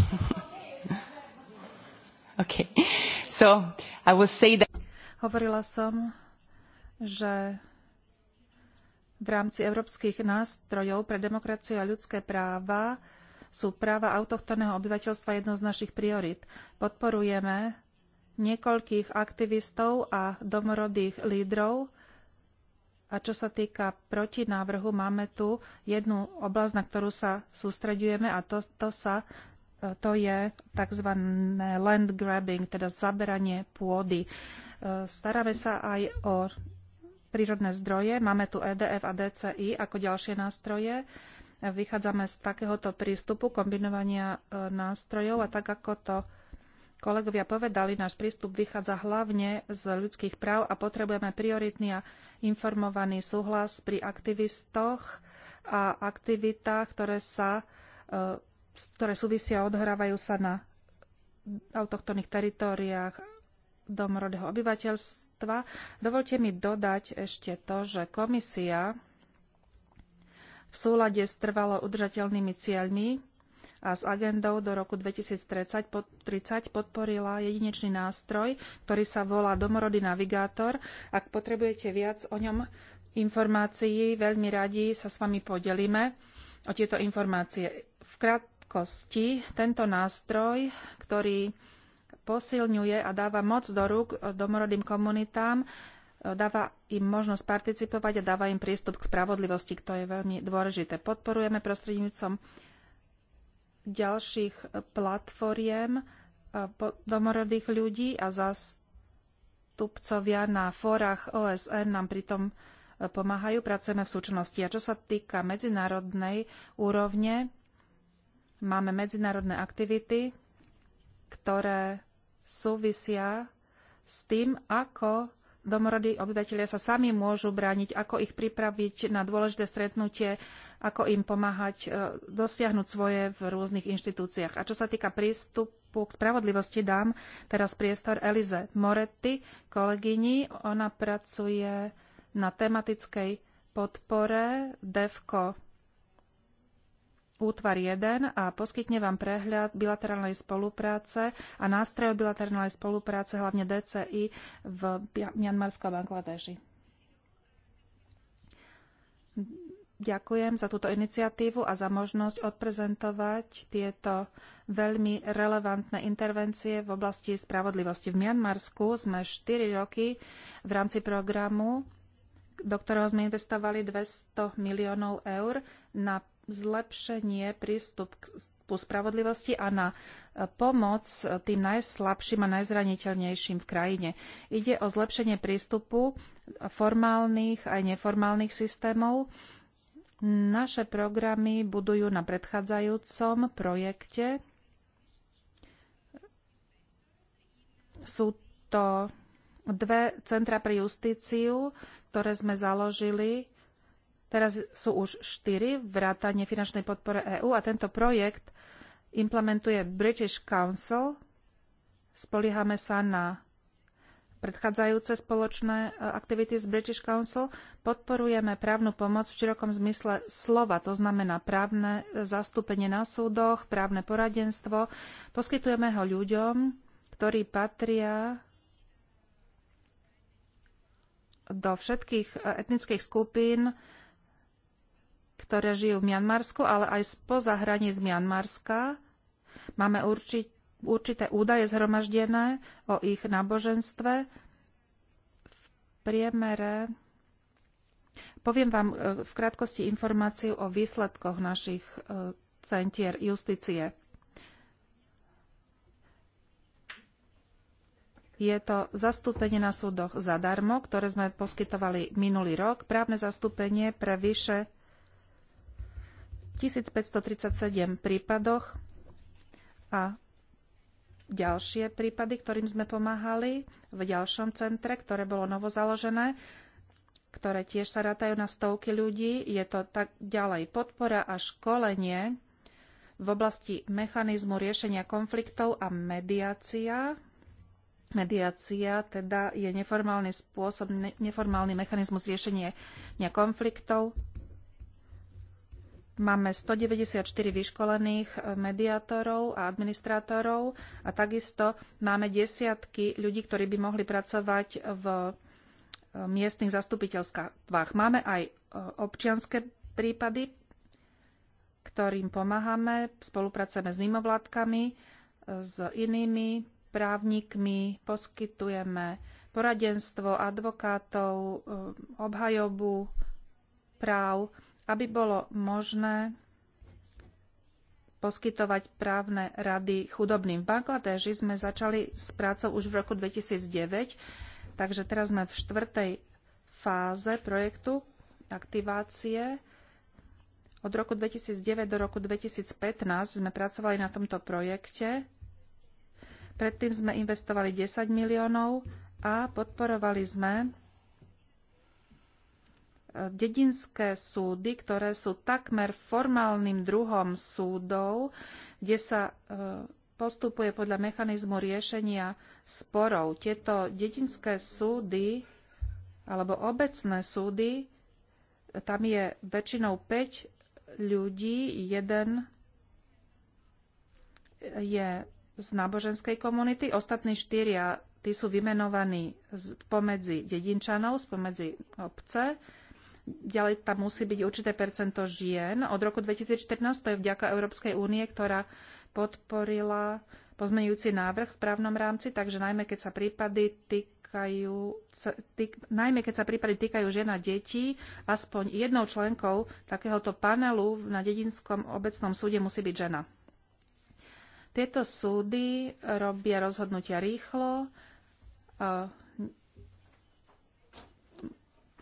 okay. So I will say that Hovorila som, že v rámci európskych nástrojov pre demokraciu a ľudské práva sú práva autochtónneho obyvateľstva jednou z našich priorit. Podporujeme niekoľkých aktivistov a domorodých lídrov. A čo sa týka protinávrhu, máme tu jednu oblasť, na ktorú sa sústreďujeme a to, to, sa, to je tzv. land grabbing, teda zaberanie pôdy. Uh, Staráme sa aj o prírodné zdroje. Máme tu EDF a DCI ako ďalšie nástroje. Vychádzame z takéhoto prístupu kombinovania e, nástrojov a tak ako to kolegovia povedali, náš prístup vychádza hlavne z ľudských práv a potrebujeme prioritný a informovaný súhlas pri aktivistoch a aktivitách, ktoré sa e, ktoré súvisia a odhrávajú sa na autochtónnych teritóriách domorodého obyvateľstva. Dovolte mi dodať ešte to, že komisia v súlade s trvalo udržateľnými cieľmi a s agendou do roku 2030 podporila jedinečný nástroj, ktorý sa volá Domorodý navigátor. Ak potrebujete viac o ňom informácií, veľmi radi sa s vami podelíme o tieto informácie. V krátkosti tento nástroj, ktorý posilňuje a dáva moc do rúk e, domorodým komunitám, e, dáva im možnosť participovať a dáva im prístup k spravodlivosti, to je veľmi dôležité. Podporujeme prostrednícom ďalších e, platformiem domorodých ľudí a zástupcovia na fórach OSN nám pritom pomáhajú, pracujeme v súčnosti. A čo sa týka medzinárodnej úrovne, máme medzinárodné aktivity, ktoré súvisia s tým, ako domorodí obyvateľia sa sami môžu brániť, ako ich pripraviť na dôležité stretnutie, ako im pomáhať e, dosiahnuť svoje v rôznych inštitúciách. A čo sa týka prístupu k spravodlivosti, dám teraz priestor Elize Moretti, kolegyni. Ona pracuje na tematickej podpore DEVCO útvar 1 a poskytne vám prehľad bilaterálnej spolupráce a nástrojov bilaterálnej spolupráce, hlavne DCI v Mianmarsko a Bangladeži. Ďakujem za túto iniciatívu a za možnosť odprezentovať tieto veľmi relevantné intervencie v oblasti spravodlivosti. V Mianmarsku sme 4 roky v rámci programu do ktorého sme investovali 200 miliónov eur na zlepšenie prístup k spravodlivosti a na e, pomoc e, tým najslabším a najzraniteľnejším v krajine. Ide o zlepšenie prístupu e, formálnych aj neformálnych systémov. Naše programy budujú na predchádzajúcom projekte. Sú to dve centra pre justíciu, ktoré sme založili Teraz sú už štyri vrátanie finančnej podpore EÚ a tento projekt implementuje British Council. Spoliehame sa na predchádzajúce spoločné e, aktivity z British Council. Podporujeme právnu pomoc v širokom zmysle slova, to znamená právne zastúpenie na súdoch, právne poradenstvo. Poskytujeme ho ľuďom, ktorí patria do všetkých e, etnických skupín, ktoré žijú v Mianmarsku, ale aj spoza hraníc Mianmarska. Máme urči, určité údaje zhromaždené o ich náboženstve. V priemere poviem vám e, v krátkosti informáciu o výsledkoch našich e, centier justície. Je to zastúpenie na súdoch zadarmo, ktoré sme poskytovali minulý rok, právne zastúpenie pre vyše 1537 prípadoch a ďalšie prípady, ktorým sme pomáhali v ďalšom centre, ktoré bolo novozaložené, ktoré tiež sa rátajú na stovky ľudí. Je to tak ďalej podpora a školenie v oblasti mechanizmu riešenia konfliktov a mediácia. Mediácia teda je neformálny spôsob, neformálny mechanizmus riešenia konfliktov Máme 194 vyškolených eh, mediátorov a administrátorov a takisto máme desiatky ľudí, ktorí by mohli pracovať v eh, miestnych zastupiteľstvách. Máme aj eh, občianské prípady, ktorým pomáhame, spolupracujeme s mimovládkami, s inými právnikmi, poskytujeme poradenstvo advokátov, obhajobu práv aby bolo možné poskytovať právne rady chudobným. V Bangladeži sme začali s prácou už v roku 2009, takže teraz sme v štvrtej fáze projektu aktivácie. Od roku 2009 do roku 2015 sme pracovali na tomto projekte. Predtým sme investovali 10 miliónov a podporovali sme dedinské súdy, ktoré sú takmer formálnym druhom súdov, kde sa e, postupuje podľa mechanizmu riešenia sporov. Tieto dedinské súdy alebo obecné súdy, tam je väčšinou 5 ľudí, jeden je z náboženskej komunity, ostatní štyria, tí sú vymenovaní pomedzi dedinčanov, spomedzi obce, Ďalej tam musí byť určité percento žien. Od roku 2014 to je vďaka Európskej únie, ktorá podporila pozmeňujúci návrh v právnom rámci, takže najmä keď sa prípady týkajú, týk, najmä keď sa prípady týkajú žena detí, aspoň jednou členkou takéhoto panelu na dedinskom obecnom súde musí byť žena. Tieto súdy robia rozhodnutia rýchlo,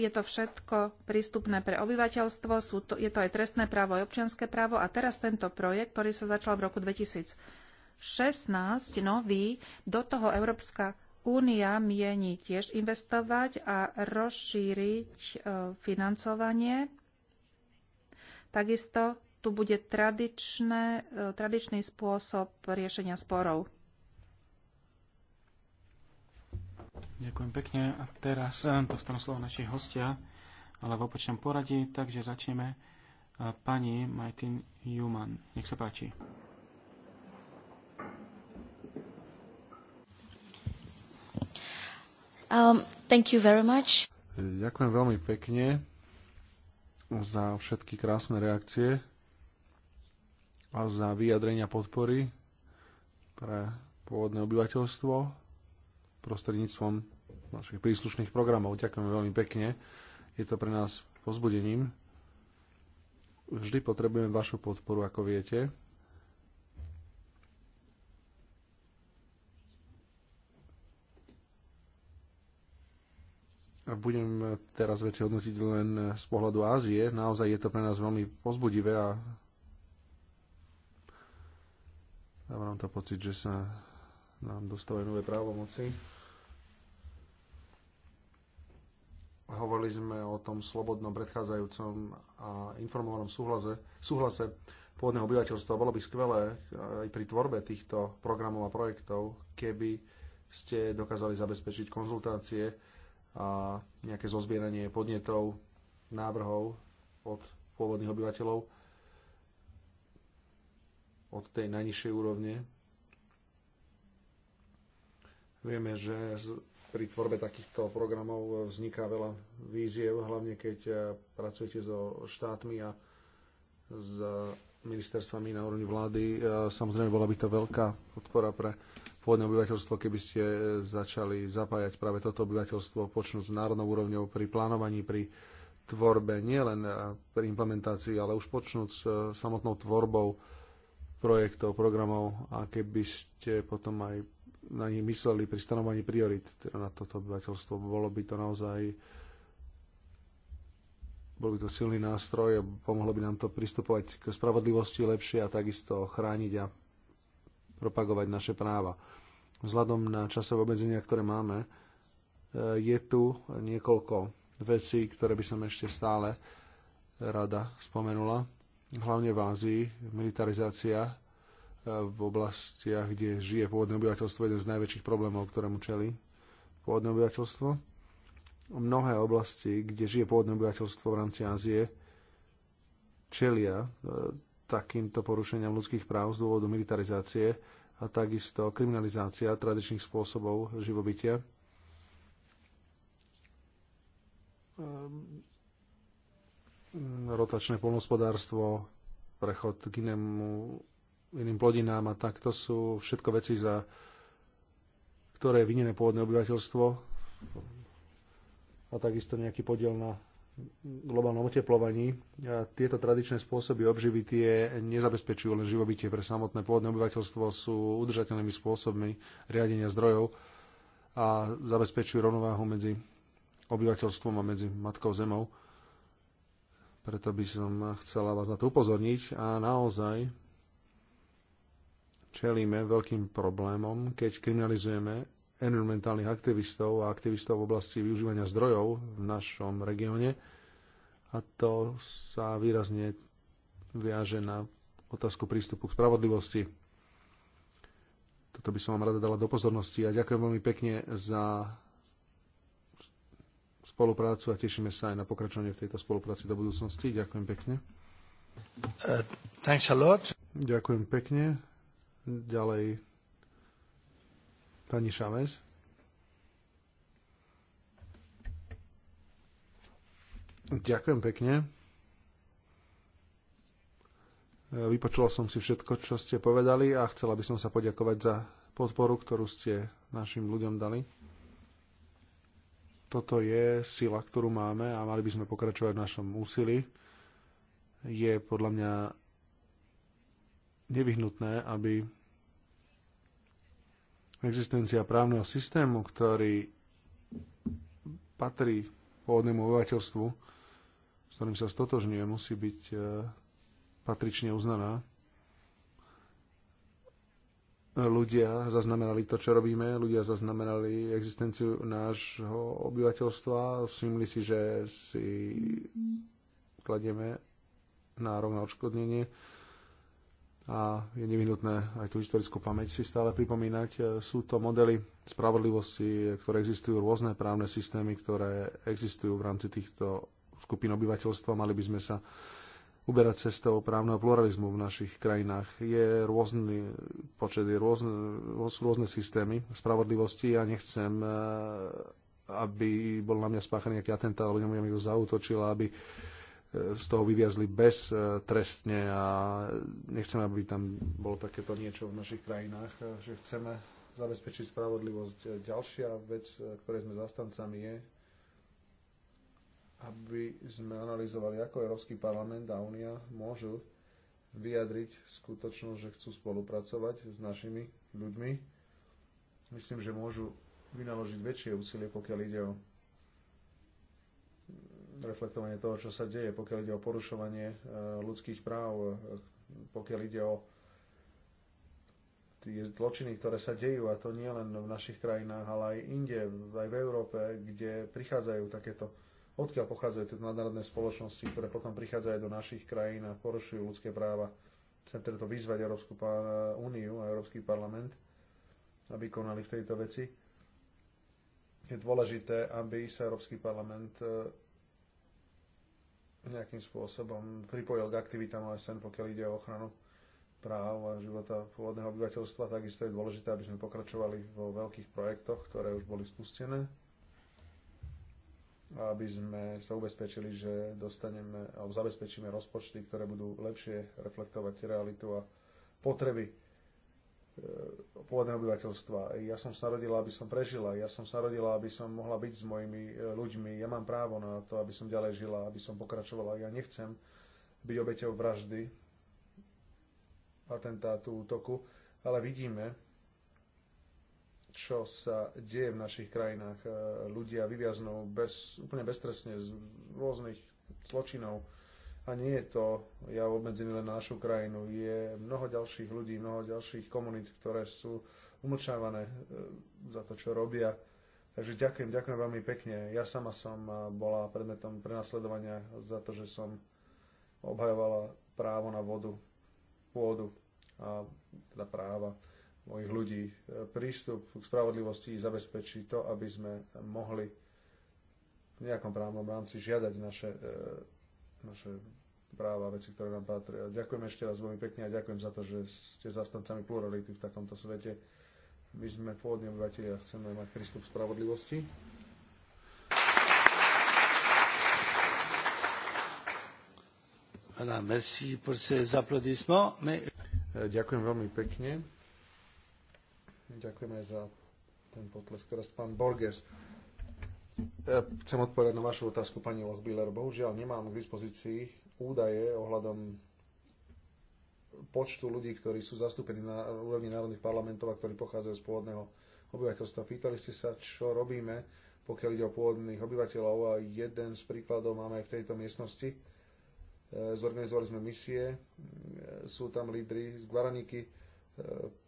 je to všetko prístupné pre obyvateľstvo, sú to, je to aj trestné právo, aj občianské právo a teraz tento projekt, ktorý sa začal v roku 2016, nový, do toho Európska únia mieni tiež investovať a rozšíriť e, financovanie. Takisto tu bude tradičné, e, tradičný spôsob riešenia sporov.
Ďakujem pekne. A teraz eh, dostanú slovo naši hostia, ale v opačnom poradí, takže začneme eh, pani Martin Juman. Nech sa páči.
Um, thank you very much.
Ďakujem veľmi pekne za všetky krásne reakcie a za vyjadrenia podpory pre pôvodné obyvateľstvo prostredníctvom našich príslušných programov. Ďakujem veľmi pekne. Je to pre nás pozbudením. Vždy potrebujeme vašu podporu, ako viete. budem teraz veci hodnotiť len z pohľadu Ázie. Naozaj je to pre nás veľmi pozbudivé a dávam to pocit, že sa nám dostali nové právomoci. Hovorili sme o tom slobodnom predchádzajúcom a informovanom súhlase, súhlase pôvodného obyvateľstva. Bolo by skvelé e, aj pri tvorbe týchto programov a projektov, keby ste dokázali zabezpečiť konzultácie a nejaké zozbieranie podnetov, návrhov od pôvodných obyvateľov od tej najnižšej úrovne Vieme, že pri tvorbe takýchto programov vzniká veľa víziev, hlavne keď eh, pracujete so štátmi a s ministerstvami na úrovni vlády. Eh, samozrejme, bola by to veľká podpora pre pôvodné obyvateľstvo, keby ste eh, začali zapájať práve toto obyvateľstvo počnúť s národnou úrovňou pri plánovaní, pri tvorbe, nielen pri implementácii, ale už počnúť s samotnou tvorbou projektov, programov a keby ste potom aj na nich mysleli pri stanovaní priorit teda na toto obyvateľstvo. Bolo by to naozaj bol by to silný nástroj a pomohlo by nám to pristupovať k spravodlivosti lepšie a takisto chrániť a propagovať naše práva. Vzhľadom na časové obmedzenia, ktoré máme, e, je tu niekoľko vecí, ktoré by som ešte stále rada spomenula. Hlavne v Ázii militarizácia v oblastiach, kde žije pôvodné obyvateľstvo, jeden z najväčších problémov, ktorému čeli pôvodné obyvateľstvo. Mnohé oblasti, kde žije pôvodné obyvateľstvo v rámci Ázie, čelia e, takýmto porušeniam ľudských práv z dôvodu militarizácie a takisto kriminalizácia tradičných spôsobov živobytia. Ehm, rotačné polnospodárstvo, prechod k inému iným plodinám a tak. To sú všetko veci, za ktoré je vynené pôvodné obyvateľstvo a takisto nejaký podiel na globálnom oteplovaní. A tieto tradičné spôsoby obživy tie nezabezpečujú len živobytie pre samotné pôvodné obyvateľstvo, sú udržateľnými spôsobmi riadenia zdrojov a zabezpečujú rovnováhu medzi obyvateľstvom a medzi matkou zemou. Preto by som chcela vás na to upozorniť a naozaj čelíme veľkým problémom, keď kriminalizujeme environmentálnych aktivistov a aktivistov v oblasti využívania zdrojov v našom regióne. A to sa výrazne viaže na otázku prístupu k spravodlivosti. Toto by som vám rada dala do pozornosti a ďakujem veľmi pekne za spoluprácu a tešíme sa aj na pokračovanie v tejto spolupráci do budúcnosti. Ďakujem pekne. Uh, thanks a lot. Ďakujem pekne. Ďalej pani Šamez. Ďakujem pekne. E, vypočula som si všetko, čo ste povedali a chcela by som sa poďakovať za podporu, ktorú ste našim ľuďom dali. Toto je sila, ktorú máme a mali by sme pokračovať v našom úsilí. Je podľa mňa nevyhnutné, aby existencia právneho systému, ktorý patrí pôvodnému obyvateľstvu, s ktorým sa stotožňuje, musí byť e, patrične uznaná. Ľudia zaznamenali to, čo robíme, ľudia zaznamenali existenciu nášho obyvateľstva, všimli si, že si kladieme nárok na odškodnenie a je nevyhnutné aj tú historickú pamäť si stále pripomínať. E, sú to modely spravodlivosti, e, ktoré existujú, rôzne právne systémy, ktoré existujú v rámci týchto skupín obyvateľstva. Mali by sme sa uberať cestou právneho pluralizmu v našich krajinách. Je rôzny počet, je rôzne, sú rôzne systémy spravodlivosti. Ja nechcem, e, aby bol na mňa spáchaný nejaký atentát, alebo nemôžem, mňa niekto zautočil, aby z toho vyviazli bez trestne a nechceme, aby tam bolo takéto niečo v našich krajinách, že chceme zabezpečiť spravodlivosť. Ďalšia vec, ktorej sme zastancami, je, aby sme analyzovali, ako Európsky parlament a Únia môžu vyjadriť skutočnosť, že chcú spolupracovať s našimi ľuďmi. Myslím, že môžu vynaložiť väčšie úsilie, pokiaľ ide o reflektovanie toho, čo sa deje, pokiaľ ide o porušovanie e, ľudských práv, e, pokiaľ ide o tie zločiny, ktoré sa dejú, a to nie len v našich krajinách, ale aj inde, aj v Európe, kde prichádzajú takéto, odkiaľ pochádzajú tieto nadnárodné spoločnosti, ktoré potom prichádzajú do našich krajín a porušujú ľudské práva. Chcem preto teda vyzvať Európsku úniu a Európsky parlament, aby konali v tejto veci. Je dôležité, aby sa Európsky parlament e, nejakým spôsobom pripojil k aktivitám OSN, pokiaľ ide o ochranu práv a života pôvodného obyvateľstva. Takisto je dôležité, aby sme pokračovali vo veľkých projektoch, ktoré už boli spustené aby sme sa ubezpečili, že dostaneme alebo zabezpečíme rozpočty, ktoré budú lepšie reflektovať realitu a potreby E, pôvodného obyvateľstva. Ja som sa narodila, aby som prežila. Ja som sa rodila, aby som mohla byť s mojimi e, ľuďmi. Ja mám právo na to, aby som ďalej žila, aby som pokračovala. Ja nechcem byť obeťou vraždy, atentátu, útoku, ale vidíme, čo sa deje v našich krajinách. E, ľudia vyviaznú bez, úplne beztresne z rôznych zločinov, a nie je to ja obmedzený len na našu krajinu. Je mnoho ďalších ľudí, mnoho ďalších komunít, ktoré sú umlčávané e, za to, čo robia. Takže ďakujem, ďakujem veľmi pekne. Ja sama som e, bola predmetom prenasledovania za to, že som obhajovala právo na vodu, pôdu a teda práva mojich ľudí. E, prístup k spravodlivosti zabezpečí to, aby sme mohli v nejakom právnom rámci žiadať naše naše práva, veci, ktoré nám patria. Ďakujem ešte raz veľmi pekne a ďakujem za to, že ste zastancami plurality v takomto svete. My sme pôvodní obyvateľi a chceme mať prístup k spravodlivosti. Eh, ďakujem veľmi pekne. Ďakujeme za ten potlesk. Teraz pán Borges. Chcem odpovedať na vašu otázku, pani Lochbiller. Bohužiaľ nemám k dispozícii údaje ohľadom počtu ľudí, ktorí sú zastúpení na úrovni národných parlamentov a ktorí pochádzajú z pôvodného obyvateľstva. Pýtali ste sa, čo robíme, pokiaľ ide o pôvodných obyvateľov a jeden z príkladov máme aj v tejto miestnosti. E, zorganizovali sme misie, e, sú tam lídry z Guaraniky e,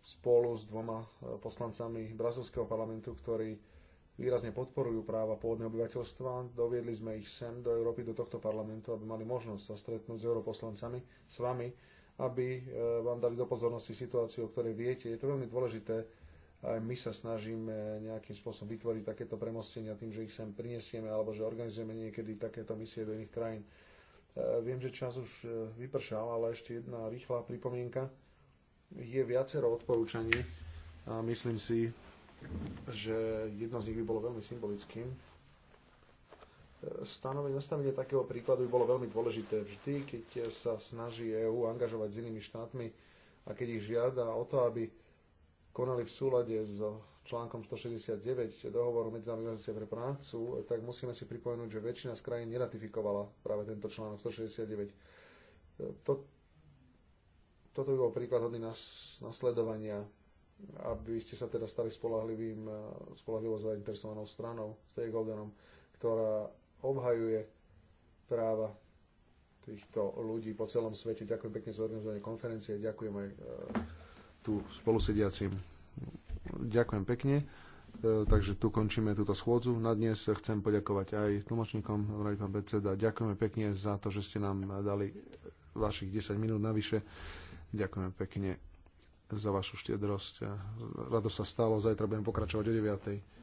spolu s dvoma poslancami brazilského parlamentu, ktorí výrazne podporujú práva pôvodného obyvateľstva. Doviedli sme ich sem do Európy, do tohto parlamentu, aby mali možnosť sa stretnúť s europoslancami, s vami, aby e, vám dali do pozornosti situáciu, o ktorej viete. Je to veľmi dôležité. Aj my sa snažíme nejakým spôsobom vytvoriť takéto premostenia tým, že ich sem prinesieme alebo že organizujeme niekedy takéto misie do iných krajín. E, viem, že čas už e, vypršal, ale ešte jedna rýchla pripomienka. Je viacero odporúčaní a myslím si, že jedno z nich by bolo veľmi symbolickým. Stanovenie, nastavenie takého príkladu by bolo veľmi dôležité vždy, keď sa snaží EÚ angažovať s inými štátmi a keď ich žiada o to, aby konali v súlade s článkom 169 dohovoru Medzinárodnej organizácie pre prácu, tak musíme si pripomenúť, že väčšina z krajín neratifikovala práve tento článok 169. To, toto by bol príklad hodný nasledovania aby ste sa teda stali spolahlivým, e, spolahlivo zainteresovanou stranou, stakeholderom, ktorá obhajuje práva týchto ľudí po celom svete. Ďakujem pekne za organizovanie konferencie, ďakujem aj e, tu spolusediacim. Ďakujem pekne. E, takže tu končíme túto schôdzu. Na dnes chcem poďakovať aj tlmočníkom, Rajpa Beceda. Ďakujeme pekne za to, že ste nám dali vašich 10 minút navyše. Ďakujeme pekne za vašu štiedrosť. Rado sa stalo, zajtra budem pokračovať o 9.